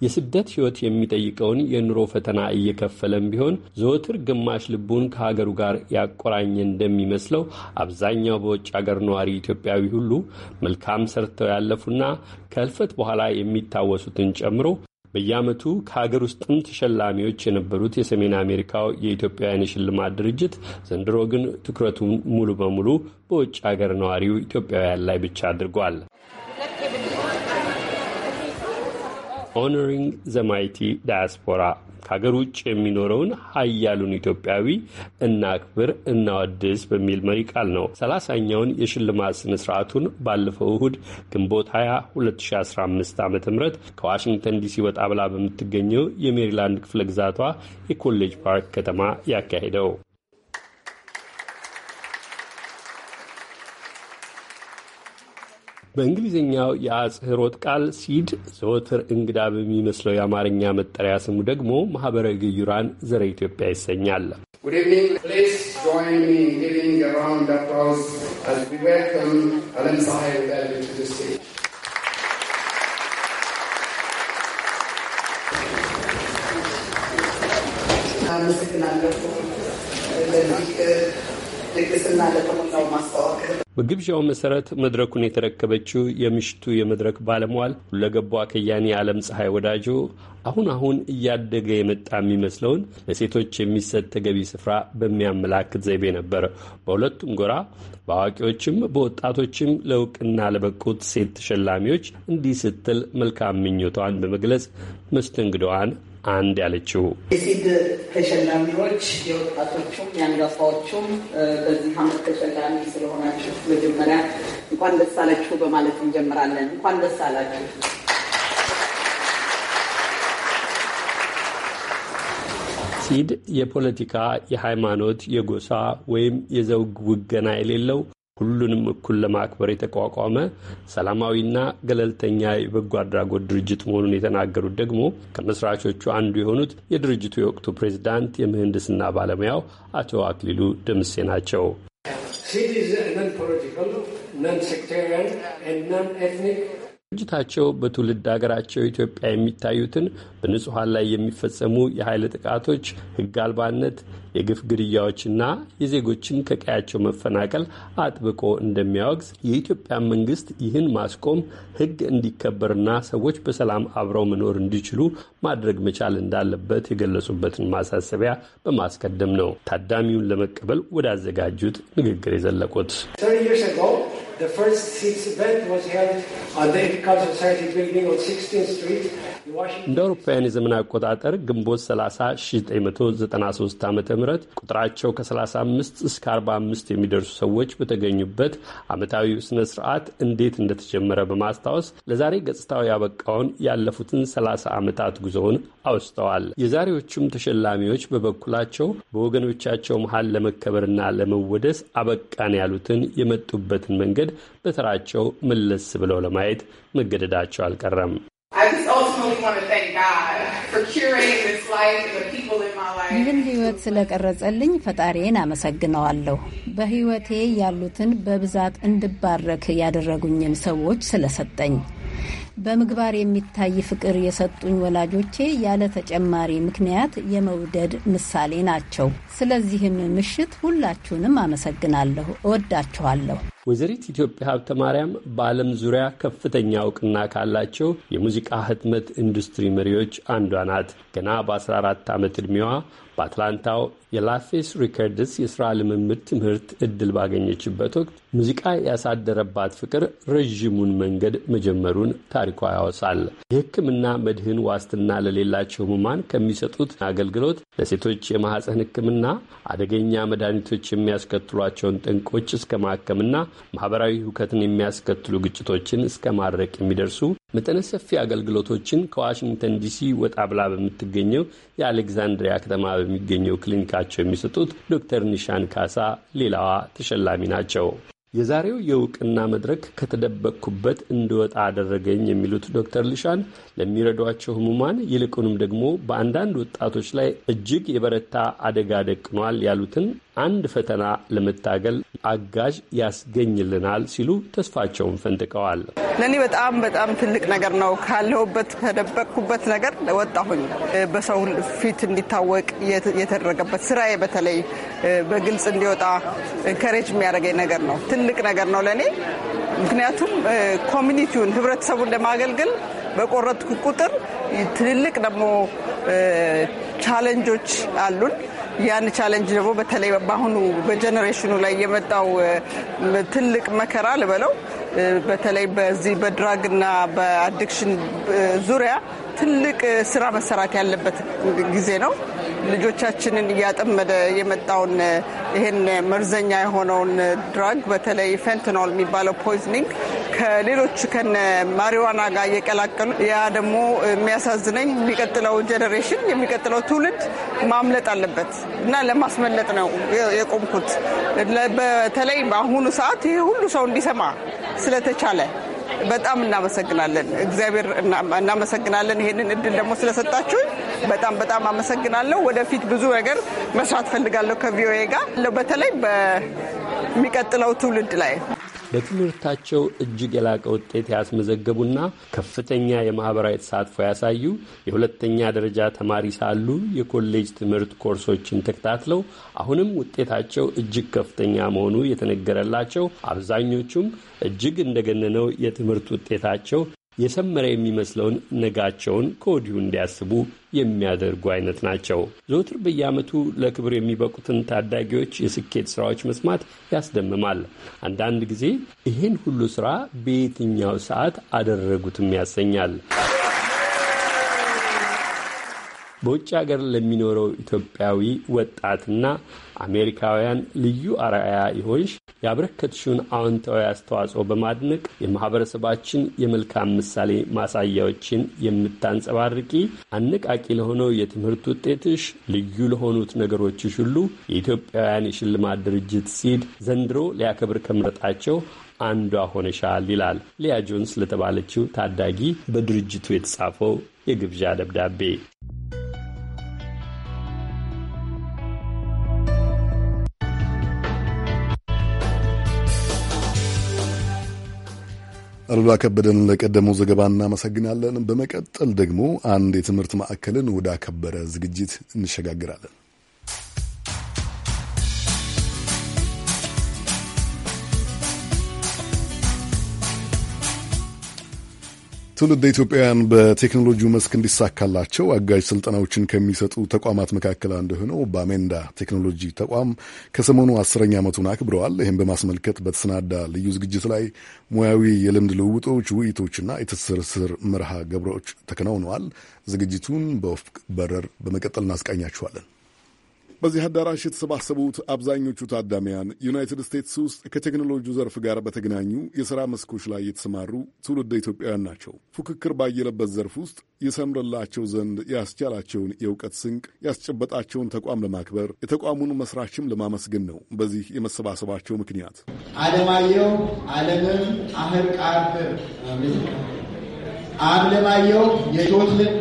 የስደት ሕይወት የሚጠይቀውን የኑሮ ፈተና እየከፈለም ቢሆን ዘወትር ግማሽ ልቡን ከሀገሩ ጋር ያቆራኘ እንደሚመስለው አብዛኛው በውጭ ሀገር ነዋሪ ኢትዮጵያዊ ሁሉ መልካም ሰርተው ያለፉና ከህልፈት በኋላ የሚታወሱትን ጨምሮ በየዓመቱ ከሀገር ውስጥም ተሸላሚዎች የነበሩት የሰሜን አሜሪካው የኢትዮጵያውያን የሽልማት ድርጅት ዘንድሮ ግን ትኩረቱን ሙሉ በሙሉ በውጭ ሀገር ነዋሪው ኢትዮጵያውያን ላይ ብቻ አድርጓል። ኦነሪንግ ዘማይቲ ዳያስፖራ ከሀገር ውጭ የሚኖረውን ሀያሉን ኢትዮጵያዊ እናክብር እናወድስ በሚል መሪ ቃል ነው ሰላሳኛውን የሽልማት ስነ ስርዓቱን ባለፈው እሁድ ግንቦት 20 2015 ዓ ም ከዋሽንግተን ዲሲ ወጣ ብላ በምትገኘው የሜሪላንድ ክፍለ ግዛቷ የኮሌጅ ፓርክ ከተማ ያካሄደው በእንግሊዝኛው የአጽህሮት ቃል ሲድ ዘወትር እንግዳ በሚመስለው የአማርኛ መጠሪያ ስሙ ደግሞ ማኅበረ ግዩራን ዘረ ኢትዮጵያ ይሰኛል። አመሰግናለሁ ለዚህ ልግስና ለተሞላው ማስተዋወቅ በግብዣው መሰረት መድረኩን የተረከበችው የምሽቱ የመድረክ ባለሟል ሁለገቧ ከያኔ ዓለም ፀሐይ ወዳጆ አሁን አሁን እያደገ የመጣ የሚመስለውን ለሴቶች የሚሰጥ ተገቢ ስፍራ በሚያመላክት ዘይቤ ነበር። በሁለቱም ጎራ በአዋቂዎችም በወጣቶችም ለእውቅና ለበቁት ሴት ተሸላሚዎች እንዲህ ስትል መልካም ምኞቷን በመግለጽ መስተንግዶዋን አንድ ያለችው የሲድ ተሸላሚዎች የወጣቶቹም የአንጋፋዎቹም በዚህ አመት ተሸላሚ ስለሆናችሁ መጀመሪያ እንኳን ደስ አላችሁ በማለት እንጀምራለን። እንኳን ደስ አላችሁ። ሲድ የፖለቲካ፣ የሃይማኖት፣ የጎሳ ወይም የዘውግ ውገና የሌለው ሁሉንም እኩል ለማክበር የተቋቋመ ሰላማዊና ገለልተኛ የበጎ አድራጎት ድርጅት መሆኑን የተናገሩት ደግሞ ከመስራቾቹ አንዱ የሆኑት የድርጅቱ የወቅቱ ፕሬዚዳንት የምህንድስና ባለሙያው አቶ አክሊሉ ደምሴ ናቸው። ድርጅታቸው በትውልድ ሀገራቸው ኢትዮጵያ የሚታዩትን በንጹሐን ላይ የሚፈጸሙ የኃይል ጥቃቶች፣ ህግ አልባነት፣ የግፍ ግድያዎችና የዜጎችን ከቀያቸው መፈናቀል አጥብቆ እንደሚያወግዝ የኢትዮጵያ መንግስት ይህን ማስቆም ህግ እንዲከበርና ሰዎች በሰላም አብረው መኖር እንዲችሉ ማድረግ መቻል እንዳለበት የገለጹበትን ማሳሰቢያ በማስቀደም ነው ታዳሚውን ለመቀበል ወዳዘጋጁት ንግግር የዘለቁት። The first event was held at the Society building on 16th Street እንደ አውሮፓውያን የዘመን አቆጣጠር ግንቦት 30 1993 ዓ ም ቁጥራቸው ከ35 እስከ 45 የሚደርሱ ሰዎች በተገኙበት ዓመታዊ ስነ ስርዓት እንዴት እንደተጀመረ በማስታወስ ለዛሬ ገጽታው ያበቃውን ያለፉትን 30 ዓመታት ጉዞውን አውስተዋል። የዛሬዎቹም ተሸላሚዎች በበኩላቸው በወገኖቻቸው መሀል ለመከበርና ለመወደስ አበቃን ያሉትን የመጡበትን መንገድ በተራቸው መለስ ብለው ለማየት መገደዳቸው አልቀረም። ይህን ህይወት ስለቀረጸልኝ ፈጣሪዬን አመሰግነዋለሁ። በህይወቴ ያሉትን በብዛት እንድባረክ ያደረጉኝን ሰዎች ስለሰጠኝ በምግባር የሚታይ ፍቅር የሰጡኝ ወላጆቼ ያለ ተጨማሪ ምክንያት የመውደድ ምሳሌ ናቸው። ስለዚህም ምሽት ሁላችሁንም አመሰግናለሁ፣ እወዳችኋለሁ። ወይዘሪት ኢትዮጵያ ሀብተ ማርያም በዓለም ዙሪያ ከፍተኛ እውቅና ካላቸው የሙዚቃ ህትመት ኢንዱስትሪ መሪዎች አንዷ ናት። ገና በ14 ዓመት ዕድሜዋ በአትላንታው የላፌስ ሪከርድስ የሥራ ልምምድ ትምህርት ዕድል ባገኘችበት ወቅት ሙዚቃ ያሳደረባት ፍቅር ረዥሙን መንገድ መጀመሩን ታሪኳ ያወሳል። የሕክምና መድህን ዋስትና ለሌላቸው ህሙማን ከሚሰጡት አገልግሎት ለሴቶች የማህፀን ሕክምና አደገኛ መድኃኒቶች የሚያስከትሏቸውን ጥንቆች እስከ ማከምና ማህበራዊ ሁከትን የሚያስከትሉ ግጭቶችን እስከ ማድረቅ የሚደርሱ መጠነ ሰፊ አገልግሎቶችን ከዋሽንግተን ዲሲ ወጣ ብላ በምትገኘው የአሌግዛንድሪያ ከተማ በሚገኘው ክሊኒካቸው የሚሰጡት ዶክተር ኒሻን ካሳ ሌላዋ ተሸላሚ ናቸው። የዛሬው የእውቅና መድረክ ከተደበቅኩበት እንድወጣ አደረገኝ የሚሉት ዶክተር ልሻን ለሚረዷቸው ህሙማን ይልቁንም ደግሞ በአንዳንድ ወጣቶች ላይ እጅግ የበረታ አደጋ ደቅኗል ያሉትን አንድ ፈተና ለመታገል አጋዥ ያስገኝልናል ሲሉ ተስፋቸውን ፈንጥቀዋል። ለእኔ በጣም በጣም ትልቅ ነገር ነው። ካለሁበት ከደበቅኩበት ነገር ወጣሁኝ። በሰው ፊት እንዲታወቅ የተደረገበት ስራዬ በተለይ በግልጽ እንዲወጣ ከሬጅ የሚያደርገኝ ነገር ነው። ትልቅ ነገር ነው ለእኔ። ምክንያቱም ኮሚኒቲውን ህብረተሰቡን ለማገልገል በቆረጥኩ ቁጥር ትልልቅ ደግሞ ቻለንጆች አሉን። ያን ቻለንጅ ደግሞ በተለይ በአሁኑ በጀኔሬሽኑ ላይ የመጣው ትልቅ መከራ ልበለው በተለይ በዚህ በድራግና በአዲክሽን ዙሪያ ትልቅ ስራ መሰራት ያለበት ጊዜ ነው። ልጆቻችንን እያጠመደ የመጣውን ይህን መርዘኛ የሆነውን ድራግ በተለይ ፌንትኖል የሚባለው ፖይዝኒንግ ከሌሎች ከነ ማሪዋና ጋር እየቀላቀሉ ያ ደግሞ የሚያሳዝነኝ የሚቀጥለው ጀኔሬሽን የሚቀጥለው ትውልድ ማምለጥ አለበት እና ለማስመለጥ ነው የቆምኩት። በተለይ በአሁኑ ሰዓት ይህ ሁሉ ሰው እንዲሰማ ስለተቻለ በጣም እናመሰግናለን። እግዚአብሔር እናመሰግናለን። ይሄንን እድል ደግሞ ስለሰጣችሁ በጣም በጣም አመሰግናለሁ። ወደፊት ብዙ ነገር መስራት ፈልጋለሁ ከቪኦኤ ጋር በተለይ በሚቀጥለው ትውልድ ላይ በትምህርታቸው እጅግ የላቀ ውጤት ያስመዘገቡና ከፍተኛ የማህበራዊ ተሳትፎ ያሳዩ የሁለተኛ ደረጃ ተማሪ ሳሉ የኮሌጅ ትምህርት ኮርሶችን ተከታትለው አሁንም ውጤታቸው እጅግ ከፍተኛ መሆኑ የተነገረላቸው አብዛኞቹም እጅግ እንደገነነው የትምህርት ውጤታቸው የሰመረ የሚመስለውን ነጋቸውን ከወዲሁ እንዲያስቡ የሚያደርጉ አይነት ናቸው። ዘውትር በየዓመቱ ለክብር የሚበቁትን ታዳጊዎች የስኬት ስራዎች መስማት ያስደምማል። አንዳንድ ጊዜ ይህን ሁሉ ስራ በየትኛው ሰዓት አደረጉትም ያሰኛል። በውጭ ሀገር ለሚኖረው ኢትዮጵያዊ ወጣትና አሜሪካውያን ልዩ አርአያ የሆንሽ ያበረከትሽውን አዎንታዊ አስተዋጽኦ በማድነቅ የማህበረሰባችን የመልካም ምሳሌ ማሳያዎችን የምታንጸባርቂ አነቃቂ ለሆነው የትምህርት ውጤትሽ፣ ልዩ ለሆኑት ነገሮችሽ ሁሉ የኢትዮጵያውያን የሽልማት ድርጅት ሲድ ዘንድሮ ሊያከብር ከመረጣቸው አንዷ ሆነሻል ይላል ሊያ ጆንስ ለተባለችው ታዳጊ በድርጅቱ የተጻፈው የግብዣ ደብዳቤ። አሉላ ከበደን ለቀደመው ዘገባ እናመሰግናለን። በመቀጠል ደግሞ አንድ የትምህርት ማዕከልን ወደ አከበረ ዝግጅት እንሸጋግራለን። ትውልድ ኢትዮጵያውያን በቴክኖሎጂው መስክ እንዲሳካላቸው አጋዥ ስልጠናዎችን ከሚሰጡ ተቋማት መካከል አንዱ የሆነው በአሜንዳ ቴክኖሎጂ ተቋም ከሰሞኑ አስረኛ ዓመቱን አክብረዋል። ይህም በማስመልከት በተሰናዳ ልዩ ዝግጅት ላይ ሙያዊ የልምድ ልውውጦች፣ ውይይቶችና የትስስር መርሃ ግብሮች ተከናውነዋል። ዝግጅቱን በወፍቅ በረር በመቀጠል እናስቃኛችኋለን። በዚህ አዳራሽ የተሰባሰቡት አብዛኞቹ ታዳሚያን ዩናይትድ ስቴትስ ውስጥ ከቴክኖሎጂው ዘርፍ ጋር በተገናኙ የሥራ መስኮች ላይ የተሰማሩ ትውልደ ኢትዮጵያውያን ናቸው። ፉክክር ባየለበት ዘርፍ ውስጥ የሰምረላቸው ዘንድ ያስቻላቸውን የእውቀት ስንቅ ያስጨበጣቸውን ተቋም ለማክበር የተቋሙን መስራችም ለማመስገን ነው። በዚህ የመሰባሰባቸው ምክንያት አለማየሁ አለምም አህር ቃር አለማየሁ የጆትልን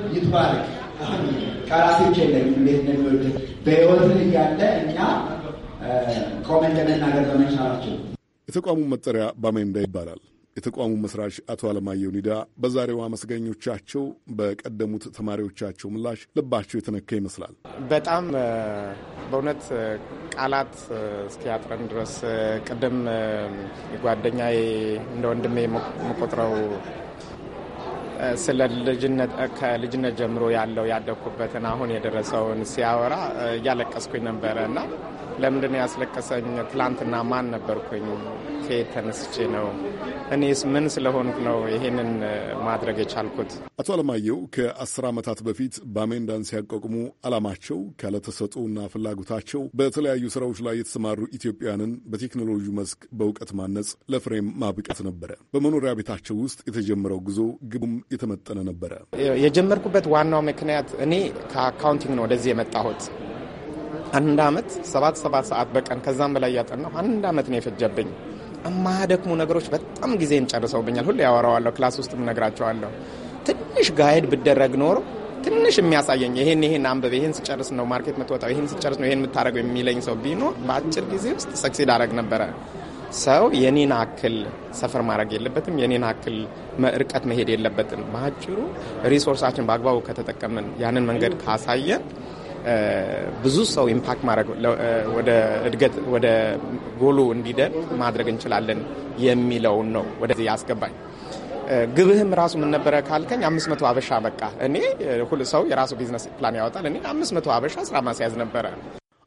ቃላቶች የለኝም እንዴት እንደሚወድ በሕይወትህ እያለ እኛ ቆመን ለመናገር በመቻላቸው የተቋሙ መጠሪያ ባሜንዳ ይባላል። የተቋሙ መስራች አቶ አለማየሁ ኒዳ በዛሬው አመስገኞቻቸው በቀደሙት ተማሪዎቻቸው ምላሽ ልባቸው የተነካ ይመስላል። በጣም በእውነት ቃላት እስኪያጥረን ድረስ ቅድም ጓደኛ እንደ ወንድሜ መቆጥረው ስለ ልጅነት ከልጅነት ጀምሮ ያለው ያደግኩበትን አሁን የደረሰውን ሲያወራ እያለቀስኩኝ ነበረ እና ለምንድን ነው ያስለቀሰኝ? ትላንትና ማን ነበርኩኝ? ከየት ተነስቼ ነው? እኔስ ምን ስለሆንኩ ነው ይሄንን ማድረግ የቻልኩት? አቶ አለማየሁ ከአስር ዓመታት በፊት ባሜንዳን ሲያቋቁሙ አላማቸው ካለተሰጡና ፍላጎታቸው በተለያዩ ስራዎች ላይ የተሰማሩ ኢትዮጵያውያንን በቴክኖሎጂ መስክ በእውቀት ማነጽ ለፍሬም ማብቃት ነበረ። በመኖሪያ ቤታቸው ውስጥ የተጀመረው ጉዞ ግቡም የተመጠነ ነበረ። የጀመርኩበት ዋናው ምክንያት እኔ ከአካውንቲንግ ነው ወደዚህ የመጣሁት። አንድ አመት ሰባት ሰባት ሰዓት በቀን ከዛም በላይ ያጠናሁ አንድ አመት ነው የፈጀብኝ። እማያደክሙ ነገሮች በጣም ጊዜን ጨርሰውብኛል። ሁሉ ያወራዋለሁ፣ ክላስ ውስጥም ነግራቸዋለሁ። ትንሽ ጋይድ ብደረግ ኖሮ ትንሽ የሚያሳየኝ ይሄን ይሄን አንብብ፣ ይሄን ስጨርስ ነው ማርኬት የምትወጣው፣ ይሄን ስጨርስ ነው ይሄን የምታደርገው የሚለኝ ሰው ቢኖር በአጭር ጊዜ ውስጥ ሰክሲድ አረግ ነበረ። ሰው የኔን አክል ሰፈር ማድረግ የለበትም። የኔን አክል ርቀት መሄድ የለበትም። በአጭሩ ሪሶርሳችን በአግባቡ ከተጠቀምን ያንን መንገድ ካሳየን ብዙ ሰው ኢምፓክት ማድረግ ወደ እድገት ወደ ጎሉ እንዲደን ማድረግ እንችላለን የሚለውን ነው ወደዚህ ያስገባኝ። ግብህም ራሱ ምን ነበረ ካልከኝ፣ አምስት መቶ አበሻ በቃ እኔ ሁሉ ሰው የራሱ ቢዝነስ ፕላን ያወጣል። እኔ አምስት መቶ አበሻ ስራ ማስያዝ ነበረ።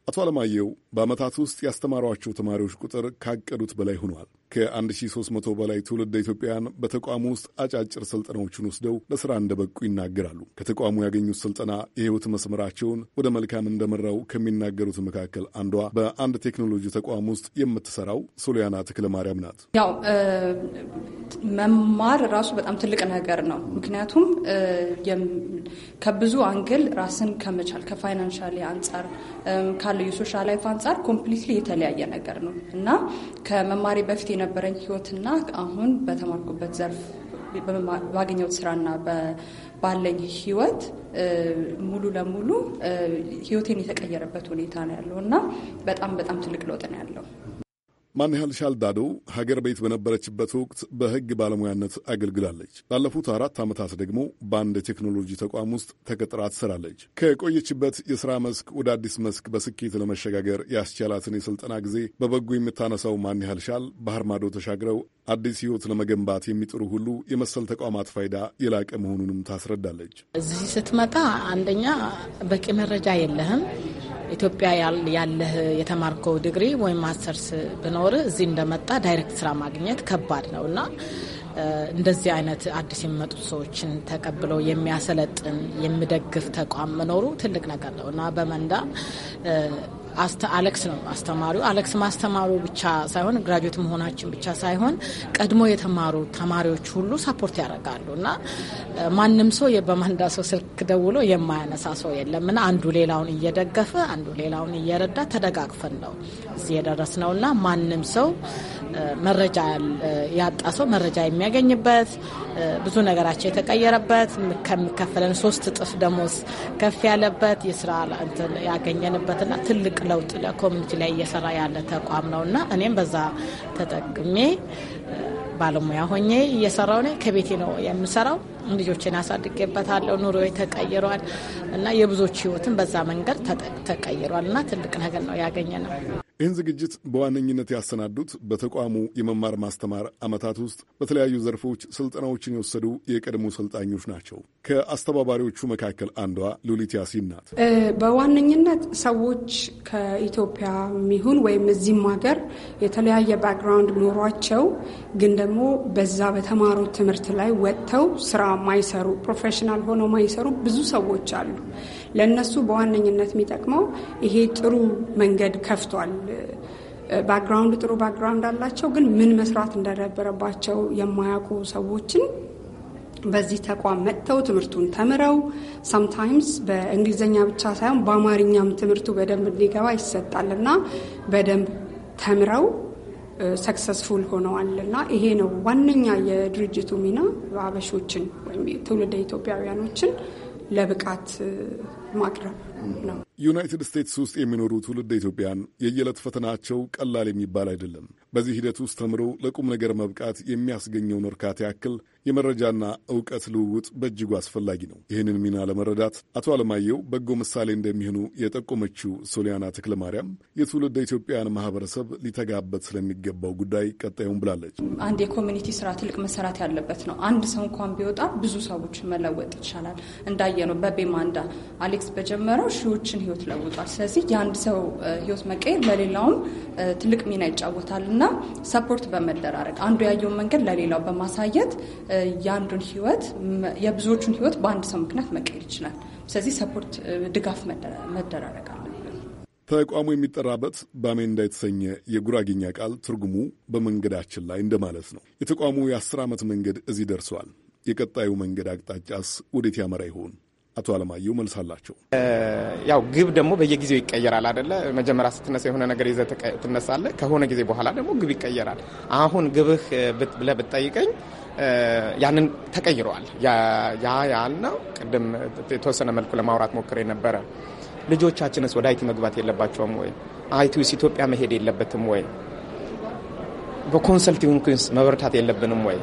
አቶ አለማየሁ በዓመታት ውስጥ ያስተማሯቸው ተማሪዎች ቁጥር ካቀዱት በላይ ሆኗል። ከ1300 በላይ ትውልደ ኢትዮጵያውያን በተቋሙ ውስጥ አጫጭር ስልጠናዎችን ወስደው ለስራ እንደበቁ ይናገራሉ። ከተቋሙ ያገኙት ስልጠና የህይወት መስመራቸውን ወደ መልካም እንደመራው ከሚናገሩት መካከል አንዷ በአንድ ቴክኖሎጂ ተቋም ውስጥ የምትሰራው ሶሊያና ተክለ ማርያም ናት። ያው መማር ራሱ በጣም ትልቅ ነገር ነው። ምክንያቱም ከብዙ አንግል ራስን ከመቻል ከፋይናንሻል አንጻር ካለው የሶሻል ላይፍ አንጻር ኮምፕሊትሊ የተለያየ ነገር ነው እና ከመማሪ በፊት የነበረኝ ህይወትና አሁን በተማርኩበት ዘርፍ ባገኘሁት ስራና ባለኝ ህይወት ሙሉ ለሙሉ ህይወቴን የተቀየረበት ሁኔታ ነው ያለው እና በጣም በጣም ትልቅ ለውጥ ነው ያለው። ማን ያህል ሻልዳዶ ሀገር ቤት በነበረችበት ወቅት በሕግ ባለሙያነት አገልግላለች። ላለፉት አራት ዓመታት ደግሞ በአንድ የቴክኖሎጂ ተቋም ውስጥ ተቀጥራ ትሰራለች። ከቆየችበት የሥራ መስክ ወደ አዲስ መስክ በስኬት ለመሸጋገር ያስቻላትን የሥልጠና ጊዜ በበጎ የምታነሳው ማን ያህል ሻል ባህር ማዶ ተሻግረው አዲስ ሕይወት ለመገንባት የሚጥሩ ሁሉ የመሰል ተቋማት ፋይዳ የላቀ መሆኑንም ታስረዳለች። እዚህ ስትመጣ አንደኛ በቂ መረጃ የለህም ኢትዮጵያ ያለህ የተማርከው ዲግሪ ወይም ማስተርስ ብኖር እዚህ እንደመጣ ዳይሬክት ስራ ማግኘት ከባድ ነው እና እንደዚህ አይነት አዲስ የሚመጡት ሰዎችን ተቀብለው የሚያሰለጥን የሚደግፍ ተቋም መኖሩ ትልቅ ነገር ነው እና በመንዳ አሌክስ ነው አስተማሪው። አሌክስ ማስተማሩ ብቻ ሳይሆን ግራጁዌት መሆናችን ብቻ ሳይሆን ቀድሞ የተማሩ ተማሪዎች ሁሉ ሰፖርት ያደርጋሉ እና ማንም ሰው በማንዳ ሰው ስልክ ደውሎ የማያነሳ ሰው የለም እና አንዱ ሌላውን እየደገፈ አንዱ ሌላውን እየረዳ ተደጋግፈን ነው እዚህ የደረስ ነው እና ማንም ሰው መረጃ ያጣ ሰው መረጃ የሚያገኝበት ብዙ ነገራቸው የተቀየረበት ከሚከፈለን ሶስት እጥፍ ደሞዝ ከፍ ያለበት የስራ ያገኘንበትና ትልቅ ለውጥ ለኮሚኒቲ ላይ እየሰራ ያለ ተቋም ነው እና እኔም በዛ ተጠቅሜ ባለሙያ ሆኜ እየሰራው ነ ከቤቴ ነው የምሰራው። ልጆችን አሳድጌበታለሁ። ኑሮ ተቀይሯል እና የብዙዎች ህይወትን በዛ መንገድ ተቀይሯል እና ትልቅ ነገር ነው ያገኘ ነው። ይህን ዝግጅት በዋነኝነት ያሰናዱት በተቋሙ የመማር ማስተማር ዓመታት ውስጥ በተለያዩ ዘርፎች ስልጠናዎችን የወሰዱ የቀድሞ ሰልጣኞች ናቸው። ከአስተባባሪዎቹ መካከል አንዷ ሉሊት ያሲን ናት። በዋነኝነት ሰዎች ከኢትዮጵያ የሚሁን ወይም እዚህም ሀገር የተለያየ ባክግራውንድ ኖሯቸው ግን ደግሞ በዛ በተማሩ ትምህርት ላይ ወጥተው ስራ ማይሰሩ ፕሮፌሽናል ሆነው ማይሰሩ ብዙ ሰዎች አሉ። ለእነሱ በዋነኝነት የሚጠቅመው ይሄ ጥሩ መንገድ ከፍቷል። ባክግራውንድ ጥሩ ባክግራውንድ አላቸው፣ ግን ምን መስራት እንደነበረባቸው የማያውቁ ሰዎችን በዚህ ተቋም መጥተው ትምህርቱን ተምረው ሰምታይምስ በእንግሊዝኛ ብቻ ሳይሆን በአማርኛም ትምህርቱ በደንብ እንዲገባ ይሰጣል እና በደንብ ተምረው ሰክሰስፉል ሆነዋል እና ይሄ ነው ዋነኛ የድርጅቱ ሚና አበሾችን ወይም ትውልደ ኢትዮጵያውያኖችን ለብቃት ማቅረብ ነው። ዩናይትድ ስቴትስ ውስጥ የሚኖሩ ትውልድ ኢትዮጵያን የየዕለት ፈተናቸው ቀላል የሚባል አይደለም። በዚህ ሂደት ውስጥ ተምሮ ለቁም ነገር መብቃት የሚያስገኘውን እርካታ ያክል የመረጃና እውቀት ልውውጥ በእጅጉ አስፈላጊ ነው። ይህንን ሚና ለመረዳት አቶ አለማየሁ በጎ ምሳሌ እንደሚሆኑ የጠቆመችው ሶሊያና ተክለ ማርያም የትውልድ ኢትዮጵያን ማህበረሰብ ሊተጋበት ስለሚገባው ጉዳይ ቀጣዩን ብላለች። አንድ የኮሚኒቲ ስራ ትልቅ መሰራት ያለበት ነው። አንድ ሰው እንኳን ቢወጣ ብዙ ሰዎች መለወጥ ይቻላል። እንዳየ ነው በቤማንዳ አሌክስ በጀመረው ሺዎችን ህይወት ለውጧል። ስለዚህ የአንድ ሰው ህይወት መቀየር ለሌላውም ትልቅ ሚና ይጫወታል እና ሰፖርት በመደራረግ አንዱ ያየውን መንገድ ለሌላው በማሳየት የአንዱን ህይወት የብዙዎቹን ህይወት በአንድ ሰው ምክንያት መቀየር ይችላል። ስለዚህ ሰፖርት፣ ድጋፍ መደራረግ አለ። ተቋሙ የሚጠራበት ባሜንዳ የተሰኘ የጉራጌኛ ቃል ትርጉሙ በመንገዳችን ላይ እንደማለት ነው። የተቋሙ የአስር ዓመት መንገድ እዚህ ደርሷል። የቀጣዩ መንገድ አቅጣጫስ ወዴት ያመራ ይሆን? አቶ አለማየሁ መልሳላቸው። ያው ግብ ደግሞ በየጊዜው ይቀየራል አደለ? መጀመሪያ ስትነሳ የሆነ ነገር ይዘ ትነሳለ ከሆነ ጊዜ በኋላ ደግሞ ግብ ይቀየራል። አሁን ግብህ ብለህ ብትጠይቀኝ ያንን ተቀይረዋል። ያ ነው። ቅድም የተወሰነ መልኩ ለማውራት ሞክሬ ነበረ። ልጆቻችንስ ወደ አይቲ መግባት የለባቸውም ወይ? አይቲ ውስጥ ኢትዮጵያ መሄድ የለበትም ወይ? በኮንሰልቲንግ መበርታት የለብንም ወይ?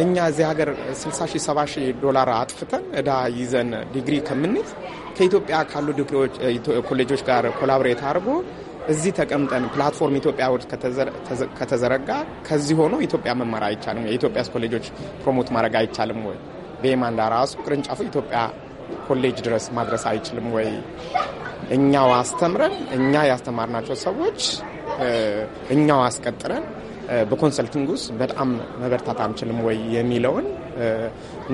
እኛ እዚህ ሀገር 60 ሺህ 70 ሺህ ዶላር አጥፍተን እዳ ይዘን ዲግሪ ከምንይዝ ከኢትዮጵያ ካሉ ዲግሪዎች ኮሌጆች ጋር ኮላብሬት አድርጎ እዚህ ተቀምጠን ፕላትፎርም ኢትዮጵያ ውድ ከተዘረጋ ከዚህ ሆኖ ኢትዮጵያ መማር አይቻልም። የኢትዮጵያስ ኮሌጆች ፕሮሞት ማድረግ አይቻልም ወይ? ቤማንዳ ራሱ ቅርንጫፉ ኢትዮጵያ ኮሌጅ ድረስ ማድረስ አይችልም ወይ? እኛው አስተምረን እኛ ያስተማርናቸው ሰዎች እኛው አስቀጥረን በኮንሰልቲንግ ውስጥ በጣም መበርታት አንችልም ወይ የሚለውን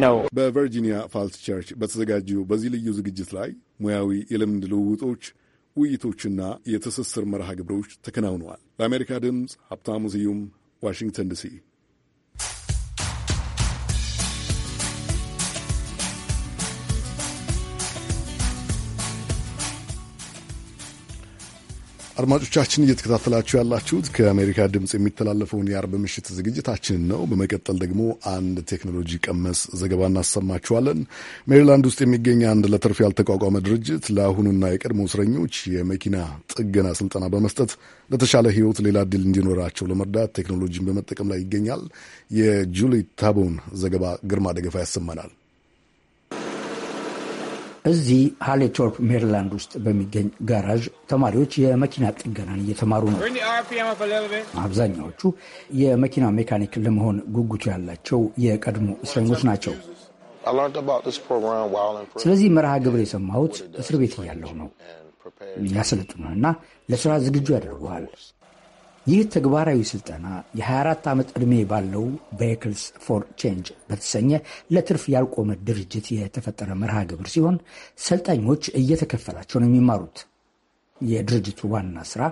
ነው። በቨርጂኒያ ፋልስ ቸርች በተዘጋጀው በዚህ ልዩ ዝግጅት ላይ ሙያዊ የልምድ ልውውጦች ውይይቶችና የትስስር መርሃ ግብሮች ተከናውነዋል። ለአሜሪካ ድምፅ ሀብታሙ ስዩም ዋሽንግተን ዲሲ አድማጮቻችን እየተከታተላችሁ ያላችሁት ከአሜሪካ ድምፅ የሚተላለፈውን የአርብ ምሽት ዝግጅታችንን ነው። በመቀጠል ደግሞ አንድ ቴክኖሎጂ ቀመስ ዘገባ እናሰማችኋለን። ሜሪላንድ ውስጥ የሚገኝ አንድ ለትርፍ ያልተቋቋመ ድርጅት ለአሁኑና የቀድሞ እስረኞች የመኪና ጥገና ስልጠና በመስጠት ለተሻለ ሕይወት ሌላ እድል እንዲኖራቸው ለመርዳት ቴክኖሎጂን በመጠቀም ላይ ይገኛል። የጁሊ ታቦን ዘገባ ግርማ ደገፋ ያሰማናል። እዚህ ሃሌቶርፕ ሜሪላንድ ውስጥ በሚገኝ ጋራዥ ተማሪዎች የመኪና ጥገናን እየተማሩ ነው። አብዛኛዎቹ የመኪና ሜካኒክ ለመሆን ጉጉቱ ያላቸው የቀድሞ እስረኞች ናቸው። ስለዚህ መርሃ ግብር የሰማሁት እስር ቤት እያለሁ ነው። ያሰለጥኑንና ለስራ ዝግጁ ያደርገዋል። ይህ ተግባራዊ ስልጠና የ24 ዓመት ዕድሜ ባለው ቬክልስ ፎር ቼንጅ በተሰኘ ለትርፍ ያልቆመ ድርጅት የተፈጠረ መርሃ ግብር ሲሆን ሰልጣኞች እየተከፈላቸው ነው የሚማሩት። የድርጅቱ ዋና ስራ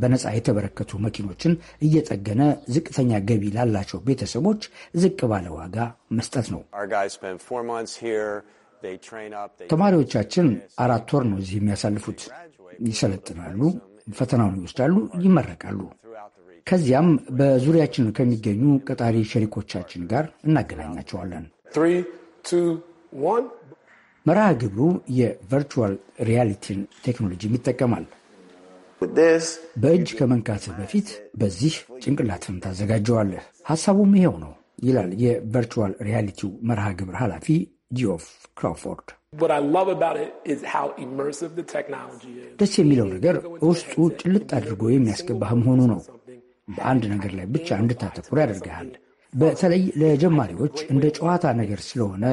በነፃ የተበረከቱ መኪኖችን እየጠገነ ዝቅተኛ ገቢ ላላቸው ቤተሰቦች ዝቅ ባለ ዋጋ መስጠት ነው። ተማሪዎቻችን አራት ወር ነው እዚህ የሚያሳልፉት። ይሰለጥናሉ፣ ፈተናውን ይወስዳሉ፣ ይመረቃሉ። ከዚያም በዙሪያችን ከሚገኙ ቀጣሪ ሸሪኮቻችን ጋር እናገናኛቸዋለን። መርሃ ግብሩ የቨርቹዋል ሪያሊቲን ቴክኖሎጂ ይጠቀማል። በእጅ ከመንካት በፊት በዚህ ጭንቅላትን ታዘጋጀዋለህ። ሐሳቡም ይሄው ነው ይላል የቨርቹዋል ሪያሊቲው መርሃ ግብር ኃላፊ ጂኦፍ ክራውፎርድ። ደስ የሚለው ነገር ውስጡ ጭልጥ አድርጎ የሚያስገባህ መሆኑ ነው። በአንድ ነገር ላይ ብቻ እንድታተኩር ያደርግሃል። በተለይ ለጀማሪዎች እንደ ጨዋታ ነገር ስለሆነ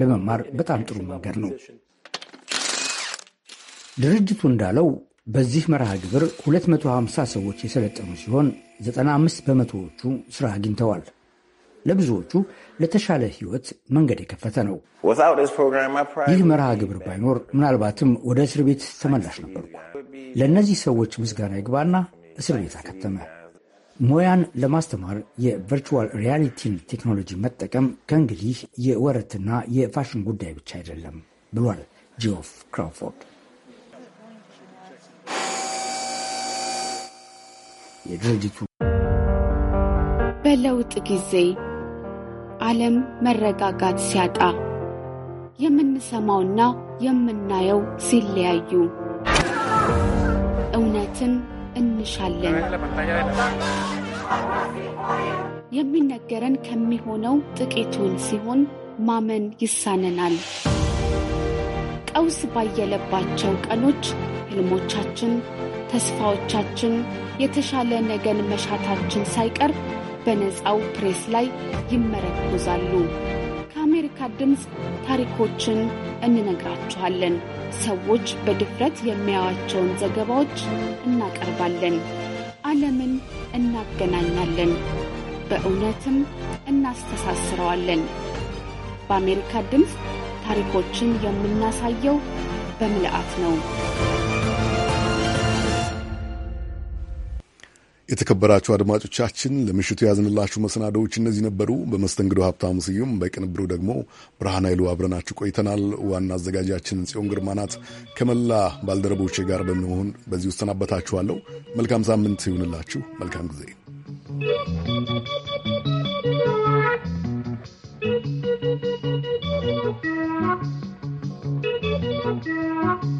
ለመማር በጣም ጥሩ መንገድ ነው። ድርጅቱ እንዳለው በዚህ መርሃ ግብር 250 ሰዎች የሰለጠኑ ሲሆን 95 በመቶዎቹ ሥራ አግኝተዋል። ለብዙዎቹ ለተሻለ ሕይወት መንገድ የከፈተ ነው። ይህ መርሃ ግብር ባይኖር ምናልባትም ወደ እስር ቤት ተመላሽ ነበርኩ። ለእነዚህ ሰዎች ምስጋና ይግባና እስር ቤት አከተመ። ሙያን ለማስተማር የቨርቹዋል ሪያሊቲን ቴክኖሎጂ መጠቀም ከእንግዲህ የወረትና የፋሽን ጉዳይ ብቻ አይደለም ብሏል ጂኦፍ ክራውፎርድ። የድርጅቱ በለውጥ ጊዜ ዓለም መረጋጋት ሲያጣ የምንሰማውና የምናየው ሲለያዩ እውነትን እንሻለን። የሚነገረን ከሚሆነው ጥቂቱን ሲሆን ማመን ይሳነናል። ቀውስ ባየለባቸው ቀኖች ህልሞቻችን፣ ተስፋዎቻችን፣ የተሻለ ነገን መሻታችን ሳይቀር በነፃው ፕሬስ ላይ ይመረኮዛሉ። ከአሜሪካ ድምፅ ታሪኮችን እንነግራችኋለን። ሰዎች በድፍረት የሚያዩዋቸውን ዘገባዎች እናቀርባለን። ዓለምን እናገናኛለን፣ በእውነትም እናስተሳስረዋለን። በአሜሪካ ድምፅ ታሪኮችን የምናሳየው በምልአት ነው። የተከበራችሁ አድማጮቻችን ለምሽቱ ያዝንላችሁ መሰናዶዎች እነዚህ ነበሩ። በመስተንግዶ ሀብታሙ ስዩም፣ በቅንብሩ ደግሞ ብርሃን ኃይሉ አብረናችሁ ቆይተናል። ዋና አዘጋጃችን ጽዮን ግርማ ናት። ከመላ ባልደረቦቼ ጋር በመሆን በዚህ እሰናበታችኋለሁ። መልካም ሳምንት ይሁንላችሁ። መልካም ጊዜ Thank you.